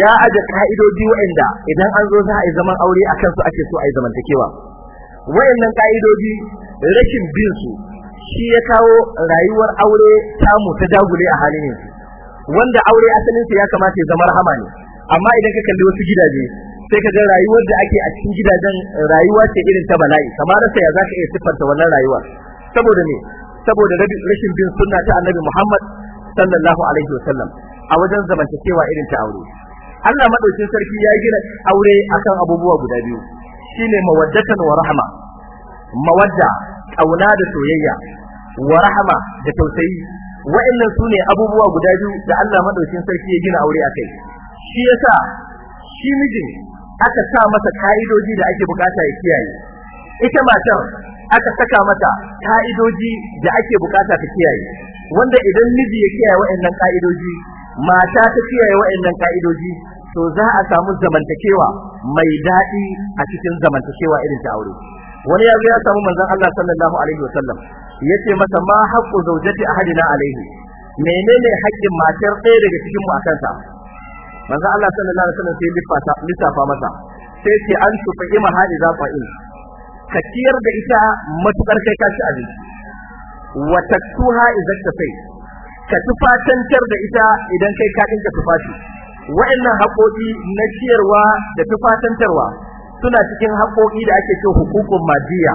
ya aje ka'idoji waɗanda idan an zo za a yi zaman aure a kansu ake so a yi zamantakewa wayannan ka'idoji rashin bin su shi ya kawo rayuwar aure tamu ta dagule a halin yanzu wanda aure asalin sa ya kamata ya zama rahama ne amma idan ka kalli wasu gidaje sai ka ga rayuwar da ake a cikin gidajen rayuwa ce irin ta bala'i kamar rasa ya zaka iya siffanta wannan rayuwa saboda me saboda rashin bin sunna ta annabi Muhammad sallallahu alaihi wasallam a wajen zamantakewa irin ta aure Allah madaukin sarki ya gina aure akan abubuwa guda biyu shine mawaddatan wa rahma mawadda kauna da soyayya wa rahma da tausayi wa'annan sune abubuwa guda biyu da Allah madaukin sarki ya gina aure akai shi yasa shi mijin aka sa masa ka'idoji da ake bukata ya kiyaye ita matar aka saka mata ka'idoji da ake bukata ta kiyaye wanda idan miji ya kiyaye waɗannan ka'idoji mata ta kiyaye waɗannan ka'idoji to za a samu zamantakewa mai daɗi a cikin zamantakewa irin ta aure wani ya zo ya samu manzon Allah sallallahu alaihi wasallam yace masa ma haqqu zawjati ahadina alaihi menene haƙƙin matar ɗaya daga cikin mu akan sa manzo Allah sallallahu alaihi wasallam sai lissafa lissafa masa sai ce an tufa ima hadiza fa'il ka ciyar da ita matukar kai ka ci abinci wa taktuha idza tafai ka tufatantar da ita idan kai ka dinka tufafi wa'annan haƙoƙi na ciyarwa da tufatantarwa suna cikin haƙoƙi da ake cewa hukukun madiya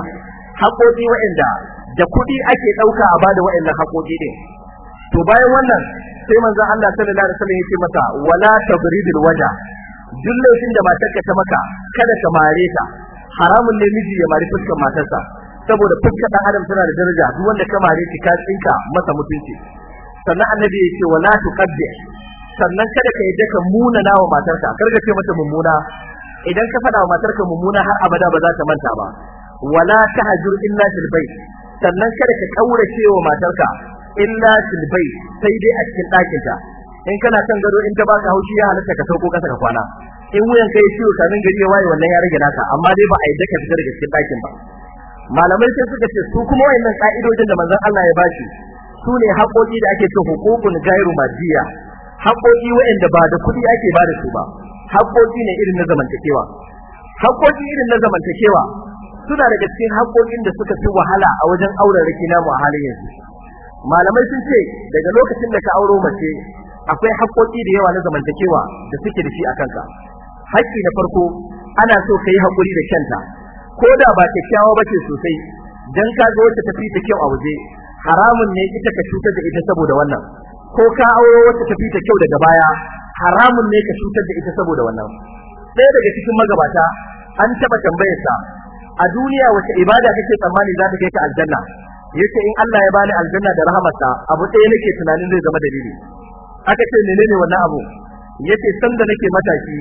haƙoƙi wa'anda da kuɗi ake ɗauka a bada wa'annan haƙoƙi din to bayan wannan sai manzon Allah sallallahu alaihi wasallam yake mata wala tabridil waja duk laifin da matarka ta maka kada ka mare ta haramun ne miji ya mari fuskar matarsa saboda fuskar dan adam tana da daraja duk wanda ka mare shi ka tsinka masa mutunci sannan annabi ya ce wala tuqaddi sannan kada ka yadda ka munana wa matarka karka ce mata mummuna idan ka faɗa wa matarka mummuna har abada ba za ta manta ba wala tahjur illa fil bayt sannan kada ka kaurace wa matarka illa fil sai dai a cikin ɗakin ta in kana son gado in ta baka haushi ya halatta ka sauko kasa ka kwana in wuyan kai ciwo kamin gari ya waye wannan ya rage naka amma dai ba a yi daka fitar daga cikin ɗakin ba malamai sai suka ce su kuma wayannan ka'idojin da manzon Allah ya bashi su ne haƙoƙi da ake cewa hukukun gairu madiya haƙoƙi wayanda ba da kuɗi ake ba da su ba haƙoƙi ne irin na zamantakewa haƙoƙi irin na zamantakewa suna daga cikin haƙoƙin da suka fi wahala a wajen auren rikina mu a halin yanzu malamai sun ce daga lokacin da ka auro mace akwai haƙƙoƙi da yawa na zamantakewa da suke da shi a kanka haƙƙi na farko ana so ka yi haƙuri da shanta ko da ba kyakkyawa ba ce sosai dan ka ga wacce tafi ta kyau a waje haramun ne ita ka cutar da ita saboda wannan ko ka auro wacce tafi ta kyau daga baya haramun ne ka cutar da ita saboda wannan ɗaya daga cikin magabata an taɓa tambayarsa a duniya wace ibada kake tsammani za ta kai ka aljanna yace in Allah ya bani aljanna da rahamarsa abu ɗaya nake tunanin zai zama dalili aka ce menene wannan abu yace san da nake mataki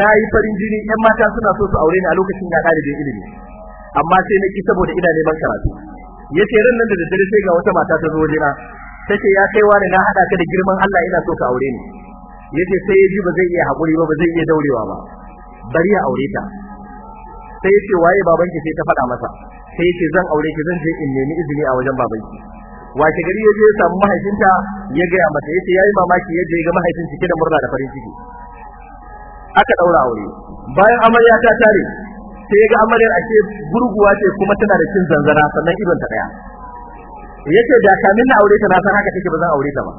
na yi farin jini yan mata suna so su aure ni a lokacin ya ɗalibin ilimi amma sai na ki saboda ina neman karatu yace ran nan da daddare sai ga wata mata ta zo wajena take ya kai wani na hada ka da girman Allah ina so ka aure ni yace sai ya ji ba zai iya hakuri ba ba zai iya daurewa ba bari ya aure ta sai ce waye babanki sai ta faɗa masa sai yace zan aure ki zan je in nemi izini a wajen babanki wace gari yaje ya samu mahaifinta ya gaya mata yace yayi mamaki yadda ya ga mahaifin cike da murna da farin ciki aka daura aure bayan amarya ta tare sai ya ga amaryar ake gurguwa ce kuma tana da cin zanzara sannan idon ta daya yace da kamin na aure ta na san haka take ba zan aure ta ba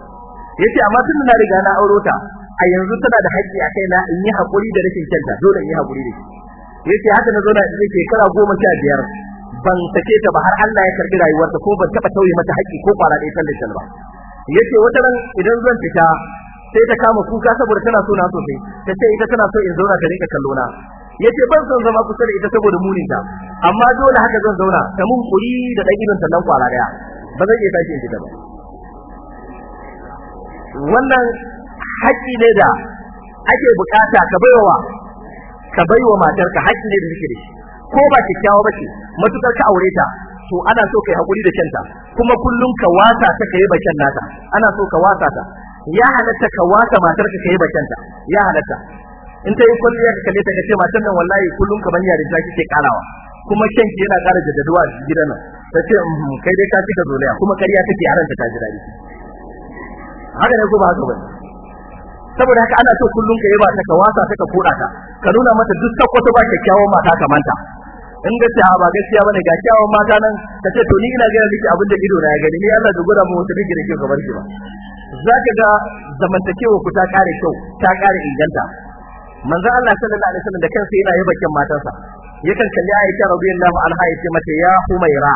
yace amma tun na riga na auro ta a yanzu tana da haƙƙi a kaina in yi haƙuri da rashin kyanta dole in yi haƙuri da shi yace haka na zo na shekara goma sha biyar ban sake ta ba har Allah ya karbi rayuwarta ko ban taba tauye mata haƙƙi ko kwara ɗaya kan da ba yace wata ran idan zan fita sai ta kama kuka saboda tana so na sosai ta ce ita tana so in zauna ta rika kallo na yace ban son zama kusa da ita saboda munin ta amma dole haka zan zauna ta mun kuri da dan ta nan kwara daya ba zan iya tashi in fita ba wannan haƙƙi ne da ake bukata ka baiwa ka baiwa matarka haƙƙi ne da kake da shi ko ba kyakkyawa ba ce matukar ka aure ta to ana so kai hakuri da kyanta kuma kullum ka wasa ta kai bakin nata ana so ka wasa ta ya halatta ka wasa matar ka kai bakin ta ya halatta in ta yi kulliya ka kalle ta ka ce matar nan wallahi kullum kamar da ta kike karawa kuma ki yana ƙara jaddaduwa a gidan nan ta ce mm, kai dai ka fi ka zolaya kuma kariya kake a ranta ta ji daɗi haka ne ko ba haka ba saboda haka ana so kullum ka yaba ta ka wasa ta ka koda ta ka nuna mata duk kwata ba kyakkyawan mata kamanta in ga cewa ba gaskiya bane ga kyawun mata nan kace to ni ina gaya miki abin da ido na ya gani ni Allah da gura mu wata miki da kyau kamar ki ba zaka ga zamantakewa ku ta kare kyau ta kare inganta manzo Allah sallallahu alaihi wasallam da kansa yana yaba kyan matansa yakan kalli Aisha radiyallahu anha yace mata ya Humaira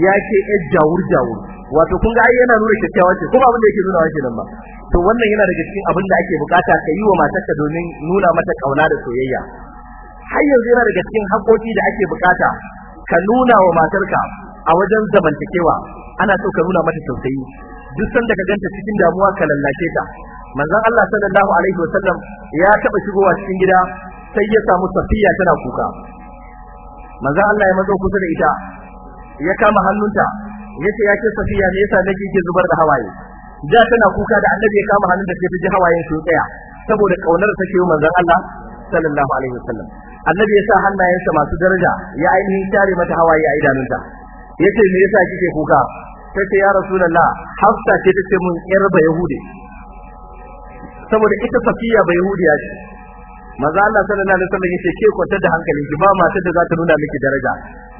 yake yar jawur jawur wato kun ga ai yana nuna kyakkyawa ce kuma abin da yake nuna wace nan ba to wannan yana daga cikin abin da ake bukata ka yi wa matarka domin nuna mata kauna da soyayya har yanzu yana daga cikin haƙoƙi da ake bukata ka nuna wa matarka a wajen zamantakewa ana so ka nuna mata tausayi duk sanda ka ganta cikin damuwa ka lallace ta manzon Allah sallallahu alaihi wasallam ya taba shigowa cikin gida sai ya samu safiya tana kuka manzon Allah ya mazo kusa da ita ya kama hannunta yace ya ce safiya me yasa nake ke zubar da hawaye da tana kuka da annabi ya kama hannunta sai ta ji hawayen su tsaya saboda kaunar take yi manzon Allah sallallahu alaihi wasallam annabi ya sa hannayensa masu daraja ya ainihin share mata hawaye a idanunta yace me yasa kike kuka ce ya rasulullah hafsa ce ce mun yar ba yahudi saboda ita safiya ba ya ce Maza Allah sallallahu alaihi wasallam yace ke kwanta da hankalin ki ba matar da za ta nuna miki daraja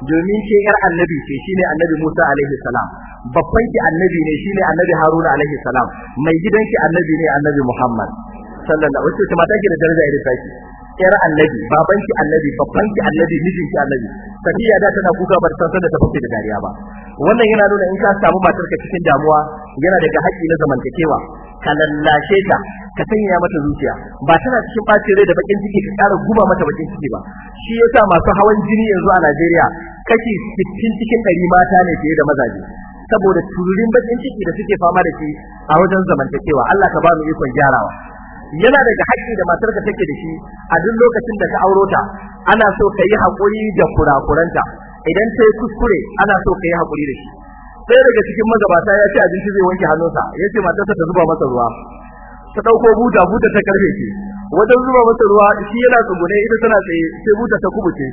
domin ke yar annabi ce shine annabi Musa alaihi salam babban ki annabi ne shine annabi Haruna alaihi salam mai gidan ki annabi ne annabi Muhammad sallallahu alaihi wasallam wace mata ki da daraja irin sai yar annabi baban shi annabi babban shi annabi mijin shi annabi safiya da tana kuka ba ta san da tafi da dariya ba wannan yana nuna in ka samu matar ka cikin damuwa yana daga haƙƙi na zamantakewa ka lallashe ta ka sanya mata zuciya ba tana cikin bacin rai da bakin ciki ka ƙara guba mata bakin ciki ba shi yasa masu hawan jini yanzu a Najeriya kashi 60 cikin 100 mata ne fiye da mazaje saboda tururin bakin ciki da suke fama da shi a wajen zamantakewa Allah ka ba mu ikon gyarawa yana daga haƙƙi da matar ka take da shi a duk lokacin da ka auro ta ana so ka yi haƙuri da kurakuranta idan ta yi kuskure ana so ka yi haƙuri da shi sai daga cikin magabata ya ce abinci zai wanke hannunsa ya ce matarsa ta zuba masa ruwa ta ɗauko buta buta ta karfe ce wajen zuba masa ruwa shi yana tsugune ita tana tsaye sai buta ta kubuce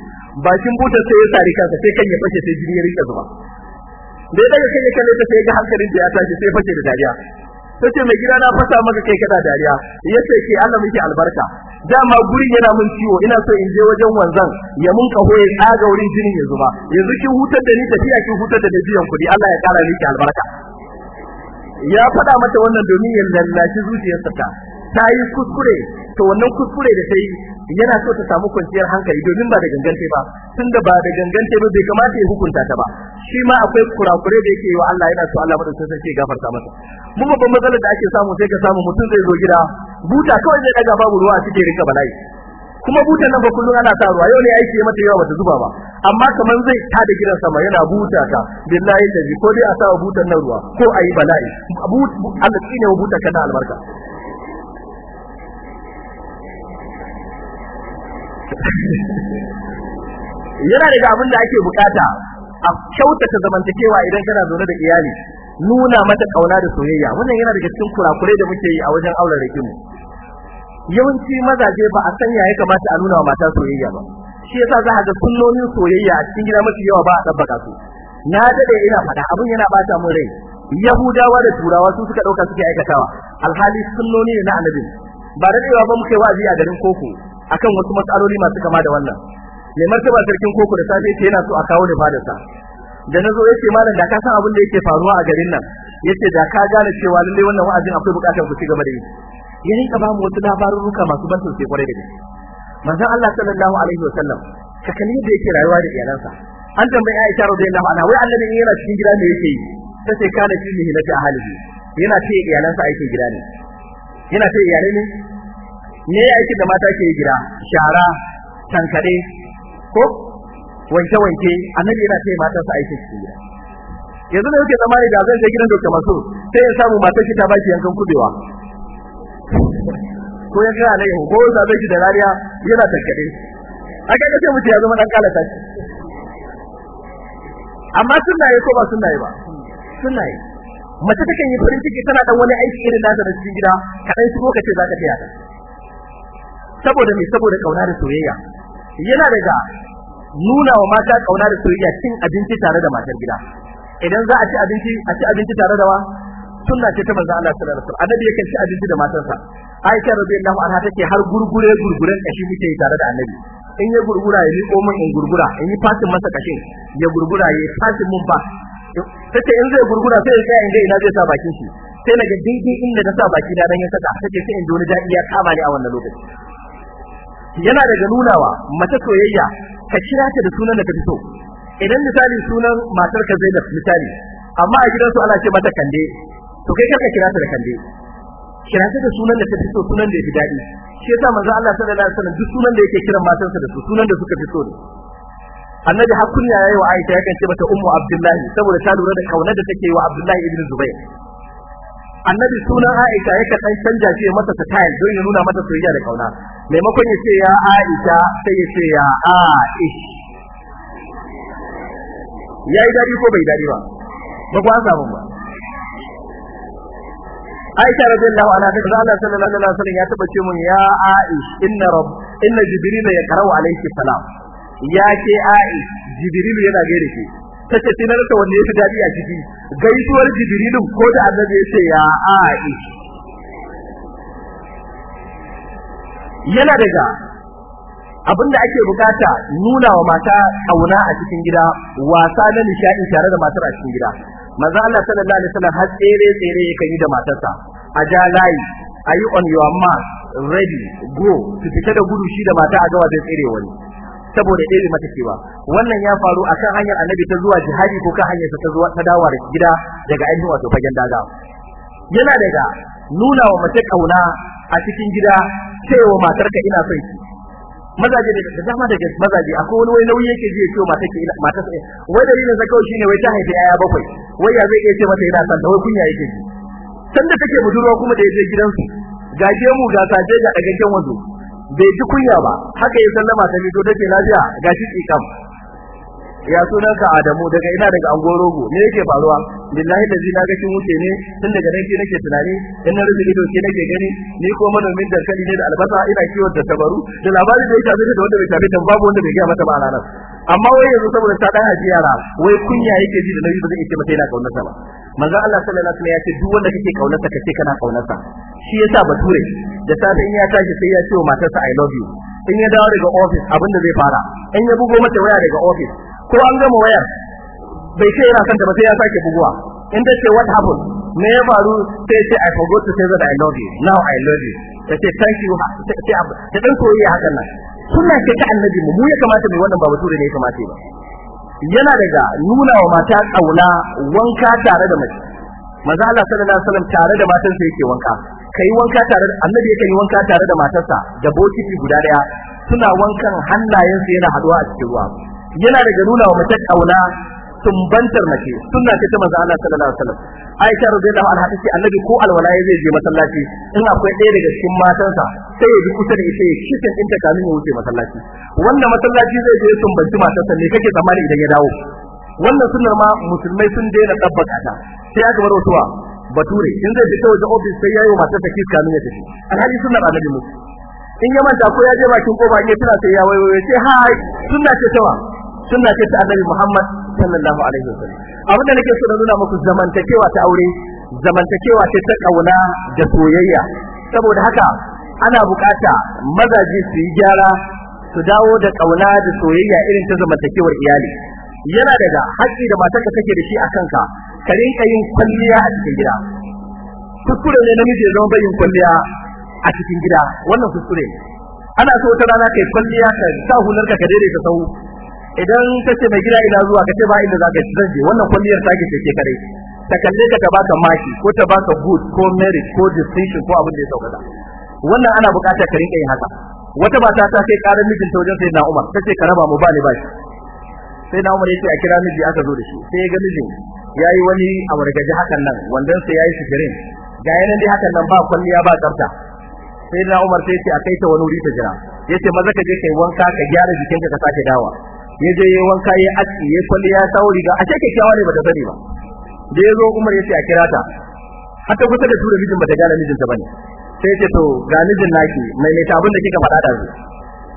bakin butar sai ya sari kansa sai kan ya fashe sai jini ya rinka zuba bai ya daga kan ya kalle ta sai ga hankalin da ya tashi sai fashe da dariya tace mai gida na fasa maka kai kada dariya Ya ce ke Allah miki albarka dama gurin yana mun ciwo ina so in je wajen wanzan ya mun kaho ya tsaga wurin jinin ya zuba yanzu kin hutar da ni tafiya kin hutar da dajiyan kuɗi Allah ya kara miki albarka ya faɗa mata wannan domin ya lallaci zuciyarsa ta ta yi kuskure to wannan kuskure da ta yi yana so ta samu kwanciyar hankali domin ba da gangante ba tunda ba da gangante ba bai kamata ya hukunta ta ba shi ma akwai kurakure da yake yi wa Allah yana so Allah madaukakin sai sai gafarta masa mu babban matsalar da ake samu sai ka samu mutum zai zo gida buta kawai zai daga babu ruwa a cikin rinka bala'i kuma buta nan ba kullun ana sa ruwa yau ne aiki mata yawa bata zuba ba amma kamar zai ta da gidan sama yana buta ka, billahi da ko dai a sa butan nan ruwa ko ayi bala'i Allah shine buta kana albarka yana daga abin da ake bukata a kyautata zamantakewa idan kana zaune da iyali nuna mata kauna da soyayya wannan yana daga cikin kurakurai da muke yi a wajen auren rake mu yawanci mazaje ba a sanya ya kamata a nuna wa mata soyayya ba shi yasa za a ga sunnonin soyayya a cikin gida mafi yawa ba a tabbaka su na dade ina faɗa abin yana bata mun rai yahudawa da turawa su suka dauka suke aikatawa alhali sunnoni ne na annabi ba dadewa ba muke wa'azi a garin koko akan wasu matsaloli masu kama da wannan mai martaba sarkin koko da safe ce yana so a kawo ni fadarsa da nazo yace malam da ka san abin da yake faruwa a garin nan yace da ka gane cewa lalle wannan wa'azin akwai bukatar ku ci gaba da yi ya rinka ba mu wasu ruka masu ban sosai kwarai da gaske manzon Allah sallallahu alaihi wasallam ka kalli yadda yake rayuwa da iyalansa an tambayi Aisha radiyallahu anha wai ne yana cikin gida me yake yi tace kana cikin hidati ahalihi yana ce iyalansa aikin gida ne yana ce iyalai ne me ya aikin da mata ke gida shara tankare ko wanke wanke annabi yana ce mata su aikin su gida yanzu da yake zama ne da zan je gidan Dr. masu sai ya samu matar shi ta ba shi yankan kudewa ko ya ga alai ko sa zai da rariya yana tankare aka ga sai mutum ya zama dan kalata shi amma sunna yi ko ba sunna yi ba sunna yi. mace take yi farin ciki tana dan wani aiki irin nasa da cikin gida kadan shi ko kace zaka ka ta saboda me saboda kauna da soyayya yana daga nuna wa mata kauna da soyayya cin abinci tare da matar gida idan za a ci abinci a ci abinci tare da wa sunna ce ta manzo Allah sallallahu alaihi wasallam annabi yake ci abinci da matarsa Aisha radiyallahu anha take har gurgure gurguren kashi take tare da annabi in ya gurgura ya komai in gurgura in yi fasin masa kashin ya gurgura ya fasin mun ba take in zai gurgura sai ya tsaya inda ina zai sa bakin shi sai naga daidai inda ta sa baki na dan ya saka take sai in ji wani daɗi ya kama ni a wannan lokaci yana daga nunawa mace soyayya ka kira ta da sunan da ka so idan misali sunan matar ka Zainab misali amma a gidan su ana ce mata kande to kai karka kira ta da kande kira ta da sunan da ta so sunan da yafi dadi shi yasa manzo Allah sallallahu alaihi wasallam duk sunan da yake kiran matarsa da su sunan da suka fi so ne annabi har yayi wa Aisha yakan ce mata ummu Abdullahi saboda ta lura da kaunar da take wa Abdullahi ibn Zubair annabi sunan Aisha yake dan canja shi masa ta tayi don ya nuna mata soyayya da kauna maimakon ya ce ya Aisha sai ya ce ya Aish yi dadi ko bai dadi ba ba ku an samu ba Aisha radiyallahu anha ta Allah sallallahu alaihi wasallam ya taba ce mun ya Aish inna rabb inna jibril ya karau alayki salam ya ce Aish jibril yana gare ki tace sai na rasa wanne yafi dadi a ciki gaisuwar jibrilin ko da annabi ya ce ya yana daga abin da ake bukata nuna wa mata kauna a cikin gida wasa na nishadi tare da matar a cikin gida manzo Allah sallallahu alaihi wasallam har tsere tsere yake yi da matarsa a ja layi ayi on your mark ready go su fita da gudu shi da mata a gawa zai tsere wani saboda ɗebe mata cewa wannan ya faru a kan hanyar annabi ta zuwa jihadi ko kan hanyar ta zuwa ta dawo gida daga ainihin wato fagen daga yana daga nuna wa mace kauna a cikin gida cewa matarka ina son ki mazaje da dama daga mazaje akwai wani wai nauyi yake ji cewa matarka ina matar sai wai dalilin sa kawai shine wai ta haifi yaya bakwai wai ya zai iya ce mata ina son ta wai kunya yake ji sanda take budurwa kuma da yaje gidansu gaje mu ga je ga dagagen wazo bai ji kunya ba haka ya sallama ta fito take lafiya gashi kam ya sunan ka Adamu daga ina daga Angorogo me yake faruwa billahi da zina ga kin wuce ne tun daga nan nake tunani in na rubuta ido ke nake gani ni ko manomin dankali ne da albasa ina kiwon da tabaru da labari da yake da wanda bai shafe ta babu wanda bai ga mata ba amma wai yanzu saboda ta dan haji yara wai kunya yake ji da nabi ba zai ce mata yana sa ba manzo Allah sallallahu alaihi wasallam ya ce duk wanda kake sa kace kana sa shi sa bature da safe in ya tashi sai ya ce wa matarsa i love you in ya dawo daga office abin da zai fara in ya bugo mata waya daga office ko an gama wayar bai ce yana son ba sai ya sake buguwa in ta ce what happened me ya faru sai ce i forgot to say that i love you now i love you ta ce thank you ta ɗan koyi a hakan nan suna ce ta annabi mu ya kamata mai wannan ba bature ne ya kamata ba yana daga nuna wa mata kauna wanka tare da mace manzo Allah sallallahu alaihi wasallam tare da matan sa yake wanka kai wanka tare da annabi yakan yi wanka tare da matarsa da bokiti guda daya suna wankan hannayensu yana haduwa a cikin ruwa yana daga nuna wa mace kauna sumbantar mace sunna ce ta manzo Allah sallallahu alaihi wasallam Aisha radiyallahu anha ce annabi ko alwala zai je masallaci in akwai ɗaya daga cikin matansa sai ya bi kusa da ita ya cikin inta kamin ya wuce masallaci wannan masallaci zai je tumbanci matarsa ne kake tsammani idan ya dawo wannan sunnar ma musulmai sun daina tabbata ta sai aka bar wasuwa bature in zai fita waje ofis sai yayi mata ta kiska ya tafi sunna ba annabi mu in ya manta ko ya je bakin koba in tana sai ya waye ya ce hai sunna ce tawa sunna ce ta annabi Muhammad sallallahu alaihi wasallam abin da nake so na nuna muku zamantakewa ta aure zamantakewa ce ta kauna da soyayya saboda haka ana bukata mazaji su yi gyara su dawo da kauna da soyayya irin ta zamantakewar iyali yana daga haƙƙi da matarka take da shi a kanka ka rinka yin kwalliya a cikin gida kuskure ne namiji ya zama bai kwalliya a cikin gida wannan kuskure ana so wata rana kai kwalliya ka sa hular ka ka daidaita sau idan ka ce mai gida ina zuwa ka ce ba inda zaka zan je wannan kwalliyar ta ce ke kare ta kalle ka ta baka maki ko ta baka good ko merit ko distinction ko abin da ya sauka wannan ana bukatar ka rinka yin haka wata mata ta kai karar mijinta wajen sai na Umar tace ka raba mu ba ni ba shi sai na Umar ce a kira miji aka zo da shi sai ya ga mijin yayi wani awargaji hakan nan wandan sa yayi shirin ga yanan da hakan nan ba kwalliya ba tsafta sai na Umar sai ce kai ta wani wuri ta jira yace maza ka je kai wanka ka gyara jikinka ka sake dawa je yayi wanka yayi aski yayi kwalliya ta wuri ga ashe kyakkyawa ne bata sani ba da yazo Umar yace a kira ta hatta kusa da tura mijin bata gane mijinta bane sai ce to ga mijin naki mai mai ta abin da kika faɗa da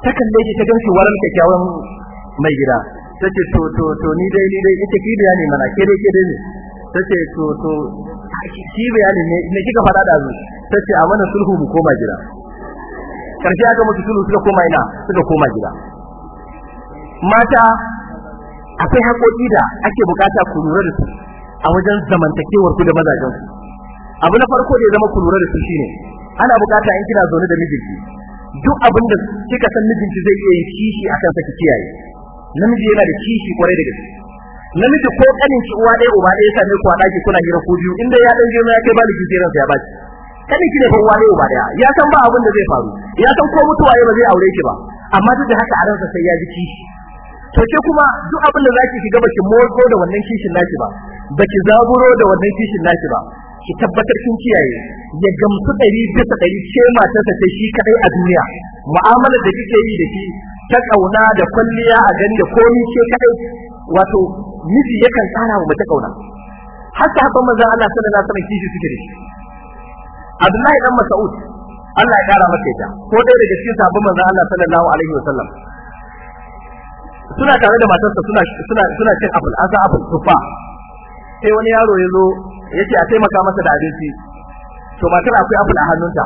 ta kalle ki ta ganshi waran kyakkyawan mai gida tace to to to ni dai ni dai ita ya ne mana ke dai ke dai ne tace to to ki bayani ne ne kika fara da zu tace a mana sulhu mu koma gida karshe aka mutu sulhu suka koma ina suka koma gida mata akwai haƙoƙi da ake bukata ku lura da su a wajen zamantakewar ku da mazajen ku abu na farko da ya zama ku lura da su shine ana bukata in kina zaune da mijinki duk abin da kika san mijinki zai iya yi kishi akan saki kiyaye namiji yana da kishi kwarai da gaske namiji ko kanin ki uwa dai uba ɗaya same ku a ɗaki kuna hira ko biyu inda ya dan girma ya kai ba sai sa ya baki, kanin ki ne fa uwa ɗaya uba dai ya san ba abin da zai faru ya san ko mutuwa ya ba zai aure ki ba amma duk da haka a ransa sai ya ji kishi to ke kuma duk abin da zaki shiga baki mozo da wannan kishin naki ba baki zaburo da wannan kishin naki ba ki tabbatar kin kiyaye ya gamsu ɗari bisa ɗari ce matarsa ta shi kadai a duniya mu'amalar da kike yi da shi ta kauna da kwalliya a gani da komi ce kadai wato miji yakan tsara wa mace kauna har ta haɓar maza Allah sallallahu alaihi wasallam kishi suke da shi Abdullahi dan Mas'ud Allah ya kara masa ita ko ɗaya daga cikin sahabban manzon Allah sallallahu alaihi wasallam suna tare da matarsa suna suna suna cin apple asa apple tufa sai wani yaro ya zo yace a taimaka masa da abinci to matar akwai apple a hannunta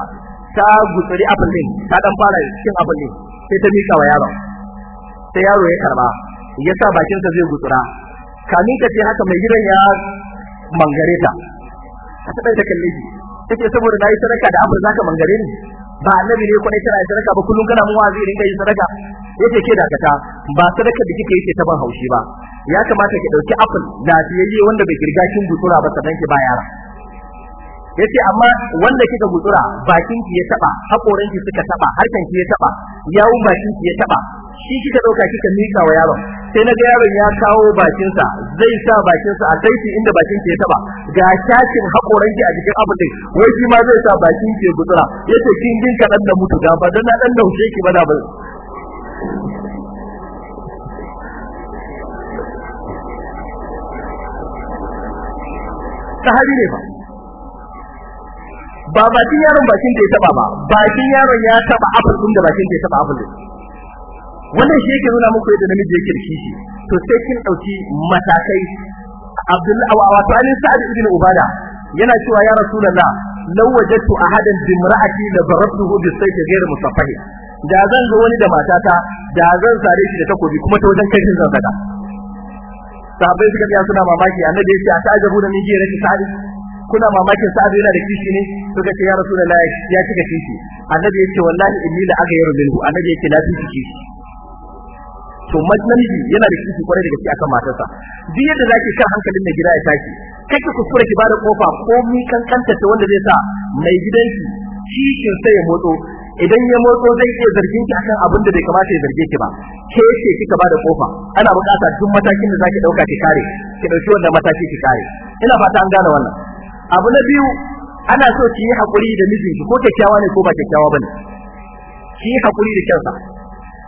ta gutsari apple din ta dan fara cikin apple din sai ta mika wa yaron sai yaro ya karba ya sa bakinsa zai gutsura kamin ka ce haka mai gidan ya mangare ta ta bai ta kalle shi take saboda nayi sadaka da abin zaka mangare ni ba annabi ne ko dai kana sadaka ba kullun kana mun wazi rinka yi sadaka yace ke dakata ba sadaka da kike yake ta ban haushi ba ya kamata ki dauki apple lafiyayye wanda bai girga kin gutsura ba sannan ki ba yara yace amma wanda kika gutsura bakin ki ya taba hakoran ki suka taba harkan ki ya taba yawun bakin ki ya taba shi kika dauka kika mika wa yaron sai na ga yaron ya kawo bakin sa zai sa bakin sa a kaifi inda bakin ki ya taba ga shakin hakoran ki a jikin abin din wai shi ma zai sa bakin ki ya gutsura yace kin din ka dan da mutu ga ba dan dan da ki ba da ba sahabi ne ba ba bakin yaron bakin da ya taba ba bakin yaron ya taba abin din da bakin da ya taba abin wannan shi yake nuna muku yadda namiji yake da kishi to sai kin dauki matakai Abdul wato Ali sa'id ibn Ubada yana cewa ya Rasulullah law wajadtu ahadan bi imra'ati la darabtuhu bi sayfi ghayr musaffahi da zan zo wani da matata da zan sare shi da takobi kuma ta wajen kashin zan sada sahabbai suka ga suna mamaki annabi ya ce a ta'ajabu da miji ya rake sa'id kuna mamakin sa'ad yana da kishi ne to ce ya rasulullahi ya cika kishi annabi yake wallahi inni la aghayru minhu annabi yake na cika kishi to namiji yana da kishi kwarai daga gaske akan matarsa duk yadda zaki kan hankalin na gida ya tashi kake kuskure ki bada kofa ko mi kankanta ta wanda zai sa mai gidanki kishin sai ya motso idan ya motso zai iya zargin ki akan abin da bai kamata ya zarge ki ba ke ce kika bada kofa ana bukata duk matakin da zaki dauka ki kare ki dauki wannan mataki ki kare ina fata an gane wannan abu na biyu ana so ki yi hakuri da mijinki ko kyakkyawa ne ko ba kyakkyawa bane ki yi hakuri da kyansa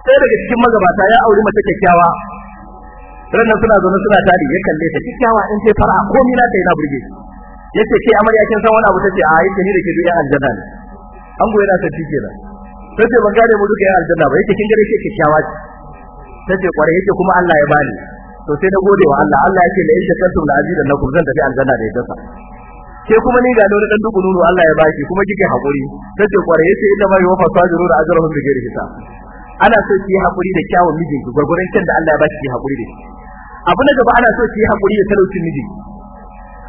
sai daga cikin magabata ya auri mace kyakkyawa ranna suna zaune suna tari ya kalle ta kyakkyawa in sai fara komai na ta yana burge yace ke amarya kin san wani abu tace a yake ni da ke duniya aljanna ne an goyi na ta tike da ce ban gane mu duka ya aljanna ba yace kin gare shi kyakkyawa ce sai kware yace kuma Allah ya bani to sai na gode wa Allah Allah yake la in shakartum la azidan lakum zan tafi aljanna da yadda ke kuma ni ga da dan duku nuno Allah ya baki kuma kike hakuri sai kware yace inda ma yuwa fasajiru da ajrahum bi ghairi hisab ana so ki hakuri da kyawun mijinki gurgurin kan da Allah ya baki ki hakuri da shi abu na gaba ana so ki hakuri da talaucin miji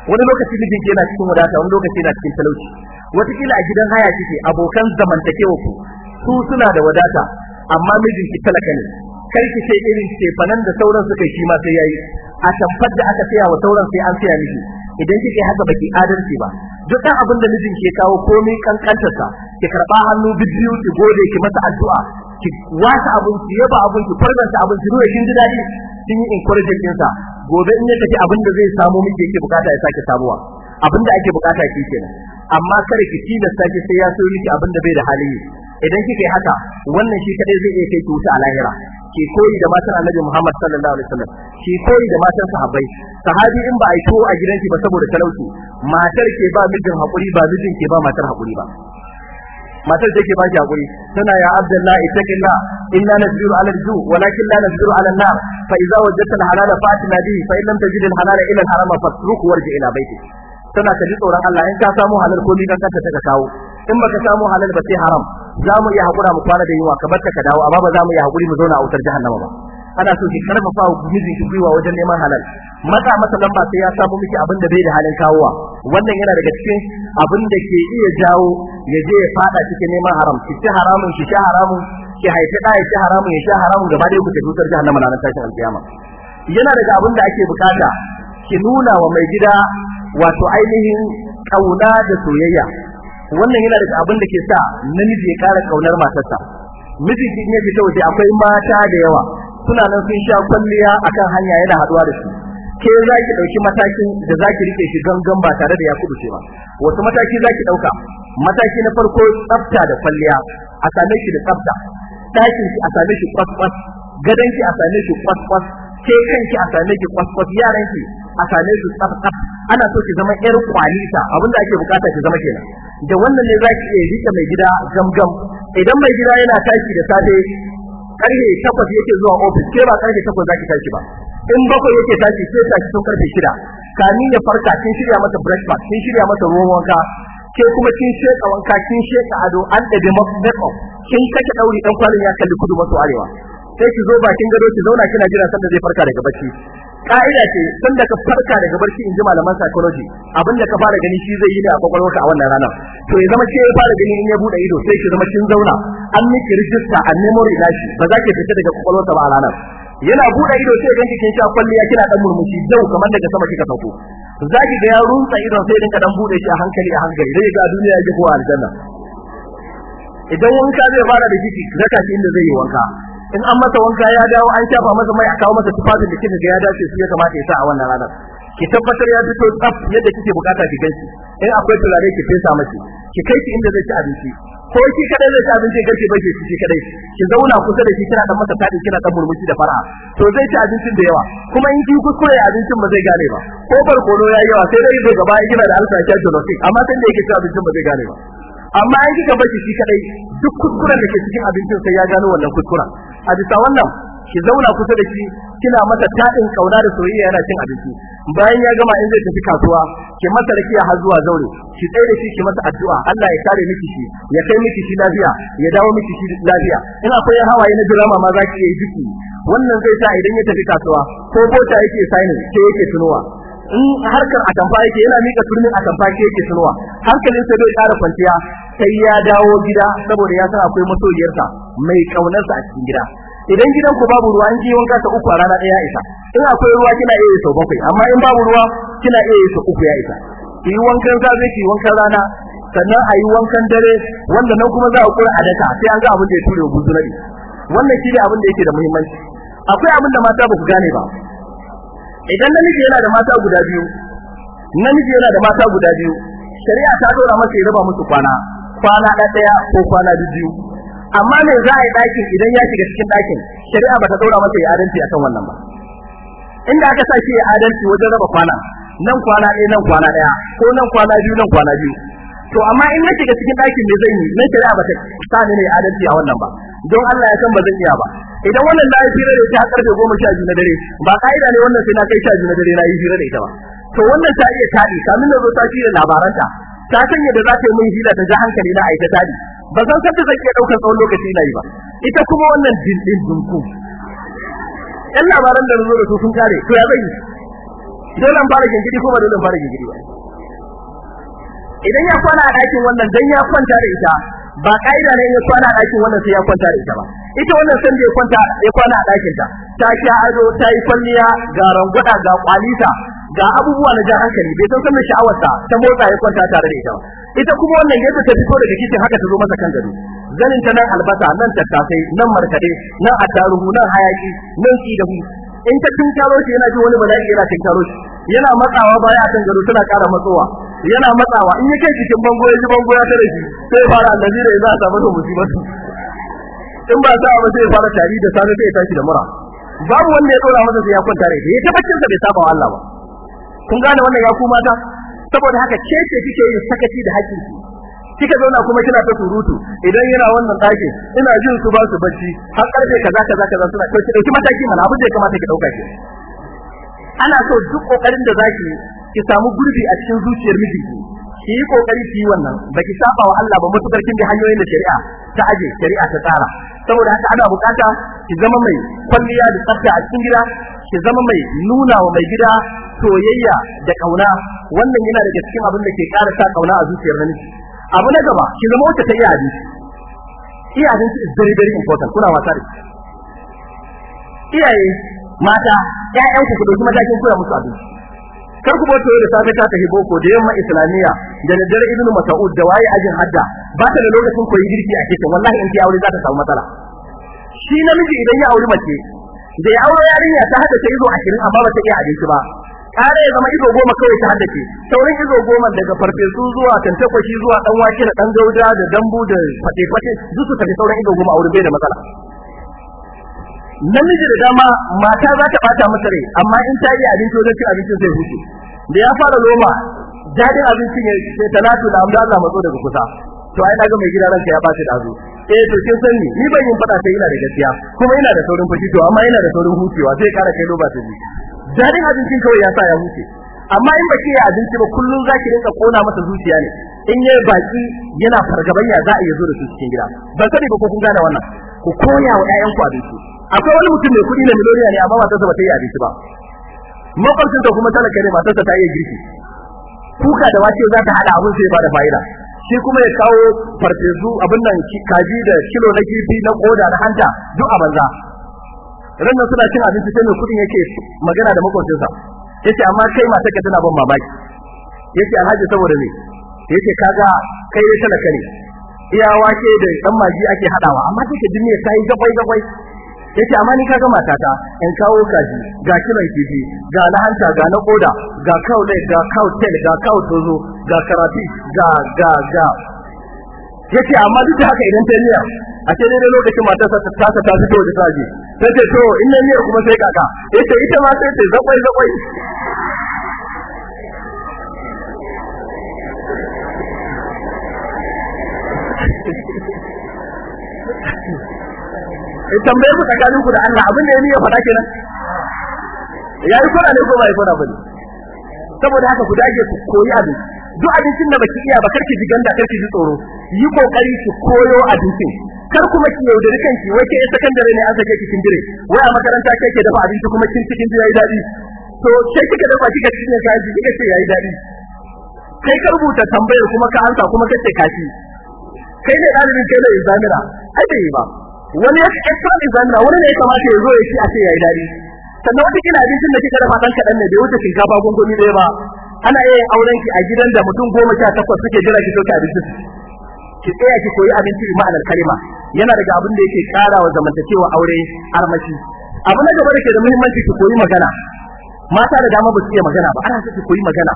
wani lokaci mijinki yana cikin wadata wani lokaci yana cikin talauci kila a gidan haya kike abokan zamantakewa ku su suna da wadata amma mijinki talaka ne kai ki sai irin ce fanan da sauran suka shi ma sai yayi a tabbata da aka tsaya wa sauran sai an tsaya miki idan kike haka baki adalci ba duk dan abin da mijin ke kawo komai kankantarsa ki karba hannu bidiyo ki gode ki masa addu'a ki wasa abun ki yaba abun ki farganta abun ki ruwa kin ji dadi kin yi encourage din sa gobe in ya tafi abin da zai samu miki yake bukata ya sake samuwa abin da ake bukata ki kenan amma kare ki tilasta ki sai ya so miki abin da bai da hali idan kike haka wannan shi kadai zai iya kai ki wuta a lahira ke koyi da matan Annabi Muhammad sallallahu alaihi wasallam ke koyi da matan sahabbai sahabi in ba a yi tuwo a gidanki ba saboda talauci matar ke ba mijin hakuri ba mijin ke ba matar hakuri ba matar ke ba ki hakuri tana ya abdullahi ittaqilla inna nasbiru ala al-ju walakin la nasbiru ala an-nar fa idza wajadta al-halala fatina bi fa in lam tajid al-halala ila al-harama fatruk warji ila baytik tana kaji tsoron Allah in ka samu halal ko ni kan ta kawo in baka samu halal ba sai haram za mu iya haƙura mu kwana da yunwa ka barta ka dawo amma ba za mu iya haƙuri mu zauna a wutar jahannama ba ana so ki karfafa wa mijin ki gwiwa wajen neman halal maza masa lamba sai ya samu miki abin da bai da halin kawowa wannan yana daga cikin abin da ke iya jawo ya je ya fada cikin neman haram ki ci haramun ki sha haramun ki haifi da ya ci haramun ya sha haramun gaba da ku ta dutar jahannama ranar tashin alkiyama yana daga abin da ake bukata ki nuna wa mai gida wato ainihin kauna da soyayya wannan yana daga abin da ke sa namiji ya kara kaunar matarsa miji ne fito ta waje akwai mata da yawa suna nan sun sha kwalliya akan hanya yana haduwa da su ke za ki ɗauki matakin da za ki rike shi gangan ba tare da ya ce ba wasu mataki za ki ɗauka mataki na farko tsafta da kwalliya a same shi da tsafta ɗakin shi a same shi kwaskwas gadon shi a same shi kwaskwas ke kanki a same shi kwaskwas yaran shi a same shi tsafta ana so ki zama yar kwalita abinda ake bukata ki zama kenan da wannan ne zaki iya rike mai gida gamgam idan mai gida yana tashi da safe karfe 8 yake zuwa office sai ba karfe 8 zaki tashi ba in bakwai yake tashi sai tashi tun karfe 6 kani ya farka kin shirya masa breakfast kin shirya masa ruwan wanka ke kuma kin sheka wanka kin sheka ado an dabe makeup kin kake dauri dan kwalin ya kalli kudu maso arewa sai ki zo bakin gado ki zauna kina jira sanda zai farka daga bacci ka'ida ce tun da ka farka daga barci in ji malaman psychology abin da ka fara gani shi zai yi ne a kwakwalwarka a wannan ranar to ya zama ke ya fara gani in ya buɗe ido sai ki zama kin zauna an miki rijista a memory nashi ba za ki fita daga kwakwalwarka ba a ranar yana buɗe ido sai ganki kin sha kwalliya kina dan murmushi dau kamar daga sama kika sauko zaki ga ya runtsa idon sai dinka dan bude shi a hankali a hankali dai ga duniya ya ji ko aljanna idan wanka zai fara da kiki zaka shi inda zai yi wanka in an masa wanka ya dawo an shafa masa mai a kawo masa tufafin da kika ga ya dace shi ya kamata ya sa a wannan ranar ki tabbatar ya fito tsaf yadda kike bukata ki ganshi in akwai turare ki fesa mashi ki kai shi inda zai ci abinci ko shi kadai zai ci abinci ki bace shi kadai ki zauna kusa da shi kina dan masa tadi kina dan murmushi da fara to zai ci abincin da yawa kuma in ki kuskure abincin ba zai gane ba ko barkono yayi yawa sai dai zai gaba ya gina da alsa ya amma sai da yake ci abincin ba zai gane ba amma an kika bar shi kadai duk kuskuren da ke cikin abincin sai ya gano wannan kuskura a bisa wannan ki zauna kusa da shi kina masa ta'in kauna da soyayya yana cin abinci bayan ya gama in zai tafi kasuwa ki masa rakiya har zuwa zaure ki tsaye da shi ki masa addu'a Allah ya kare miki shi ya kai miki shi lafiya ya dawo miki shi lafiya Ina akwai hawaye na drama ma za ki yi duki wannan zai sa idan ya tafi kasuwa ko bota yake sani ke yake tunowa in harkar atamfa yake yana mika turmin atamfa ke yake tunowa hankalin sai dai ƙara kwanciya sai ya dawo gida saboda ya san akwai masoyiyarsa mai kaunarsa a cikin gida idan gidan ku babu ruwa an je wanka ta uku a rana ɗaya isa in akwai ruwa kina iya sau bakwai amma in babu ruwa kina iya sau uku ya isa ki yi wankan safe ki wankan rana sannan a yi wankan dare wanda nan kuma za a kula a daka sai an ga abin da ya ture buzu na wannan shi ne abin da yake da muhimmanci akwai abin da mata ba ku gane ba idan namiji yana da mata guda biyu namiji yana da mata guda biyu shari'a ta dora masa ya raba musu kwana kwana ɗaya ko kwana biyu amma me za a yi ɗakin idan ya shiga cikin ɗakin shari'a ba ta dora masa ya adalci akan wannan ba inda aka sa shi ya adalci wajen raba kwana nan kwana ɗaya nan kwana ɗaya ko nan kwana biyu nan kwana biyu to amma in na shiga cikin ɗakin me zan yi na shari'a ba ta sa ni ne adalci a wannan ba don Allah ya san ba zan iya ba idan wannan na yi fira da ta karfe goma sha biyu na dare ba ka'ida ne wannan sai na kai sha biyu na dare na yi fira da ita ba to wannan ta iya tadi kamin da zo ta da labaranta ta sanya da za ta yi mun hila ta ji hankali na aita tadi ba san san ta zan iya daukar tsawon lokaci na yi ba ita kuma wannan dindin ku yan labaran da zo da su sun kare to ya zai dole an fara gingiri kuma dole an fara gidi ba idan ya kwana a ɗakin wannan dan ya kwanta da ita ba kaida ne ya kwana a ɗakin wannan sai ya kwanta da ita ba ita wannan san da ya kwanta ya kwana a ɗakin ta ta sha ado ta yi kwalliya ga rangwada ga kwalita ga abubuwa na jan hankali bai san sannan sha'awarsa ta motsa ya kwanta tare da ita ba ita kuma wannan yadda ta fito daga kishin haka ta zo masa kan gado zanin ta nan albasa nan tattasai nan markade nan attaruhu nan hayaki nan tsidahu in ta tunkaro shi yana ji wani bala'i yana tunkaro shi yana matsawa baya kan gado tana ƙara matsowa yana matsawa in ya kai cikin bango ya ji bango ya tare shi sai fara annabi da za a samu da musibatu in ba sa ba sai fara tari da safe sai ya tashi da mura babu wanda ya dora masa sai ya kwanta rai ya tabbacin sa bai saba wa Allah ba kun gane wannan ya ku mata saboda haka ce kike yin sakaci da ki kika zauna kuma kina ta surutu idan yana wannan daki ina jin su ba su bacci har karfe kaza kaza kaza suna to ki dauki mataki mana abin da ya kamata ki dauka shi. ana so duk kokarin da zaki ki samu gurbi a cikin zuciyar mijinki ki yi kokari ki yi wannan baki saba wa Allah ba mutukar kin da hanyoyin da shari'a ta aje shari'a ta tsara saboda haka ana bukata ki zama mai kwalliya da tsafta a cikin gida ki zama mai nuna wa mai gida soyayya da kauna wannan yana daga cikin abin da ke ƙara sa kauna a zuciyar namiji abu na gaba ki zama wacce ta iya abinci iya is very very important kuna wasa da iyaye mata ƴaƴanku ku dauki matakin koya musu abinci kar ku bato da safe ta tafi boko da yamma islamiyya da daddare ibnu mas'ud da waye ajin hadda ba ta da lokacin koyi girki a kitchen wallahi in aure za ta samu matsala shi namiji idan ya aure mace da ya aure yarinya ta hada ta izo 20 amma ba ta iya abinci ba kare ya zama izo goma kawai ta haddace saurin izo goma daga farfesu zuwa tantakwashi zuwa dan wake da dan gauda da dambu da fate fate duk su tafi sauran ido goma aure bai da matsala namiji da dama mata za ta bata masa amma in ta yi abinci wajen cin abincin zai huce da ya fara loma dadin abincin ya ce talatu da amda Allah daga kusa to ai daga mai gida ranka ya bace dazu eh to kin sani ni ban yin fada sai ina da gaskiya kuma ina da saurin fushi to amma ina da saurin hucewa sai kara kai loba ta ji dadin abincin kawai ya sa ya huce amma in baki ya abinci ba kullun zaki rinka kona masa zuciya ne in yayi baki yana fargabanya za a iya zo da su cikin gida ba sani ba ko kun gane wannan ku koya wa ƴaƴan ku abinci akwai wani mutum mai kuɗi na miliyoniya ne amma matarsa ba ta yi abinci ba mafarkin ta kuma talaka ne matarsa ta yi girki kuka da wace za ta hada abin sai ba da fa'ida shi kuma ya kawo farfesu abin nan kaji da kilo na kifi na koda na hanta duk a banza ranar suna cin abinci sai mai kudin yake magana da makwabcinsa yake amma kai mata ka tana ban mamaki yake alhaji saboda me yace kaga kai ne talaka ne iya wake da dan magi ake hadawa amma take duniya ta yi gabai gabai yace amma ni kaga matata in kawo kaji ga kiran kifi ga na hanta ga na koda ga kawo dai ga kawo tel ga kawo tozo ga karafi ga ga ga yace amma duk haka idan ta niya a ce dai lokacin matarsa ta tasa ta fito da saje sai to in ne niya kuma sai kaka yace ita ma sai ta zakwai zakwai in tambayar ku tsakanin ku da Allah abin da ya niyya faɗa kenan yayi kuna ne ko bai kuna bane saboda haka ku dage ku koyi abin duk abincin da baki iya ba karki ji ganda karki ji tsoro yi kokari ki koyo abincin kar kuma ki yaudari kanki wai ke sakandare ne an sake ki kin dire wai a makaranta kai ke dafa abinci kuma kin cikin yayi dadi to sai kika dafa kika cikin kaji, kika ce yayi dadi kai ka rubuta tambayar kuma ka ansa kuma kace kashi? kai ne dalibin kai da examiner ai bai ba wani ya extra eh, zanna wani ne ya kamata ya zo ya ci a ce yayi dadi sannan wata kina abincin da kika da ɗan kaɗan ne bai wuce shinkafa gungumi ɗaya ba ana iya auren ki a gidan da mutum goma sha takwas suke jira ki sauke abincin ki tsaya ki koyi abinci bi ma'anar kalima yana daga abin da yake ƙara wa zamantakewa aure armashi abu na gaba da ke da muhimmanci ki koyi magana mata da dama ba su iya magana ba ana so ki koyi magana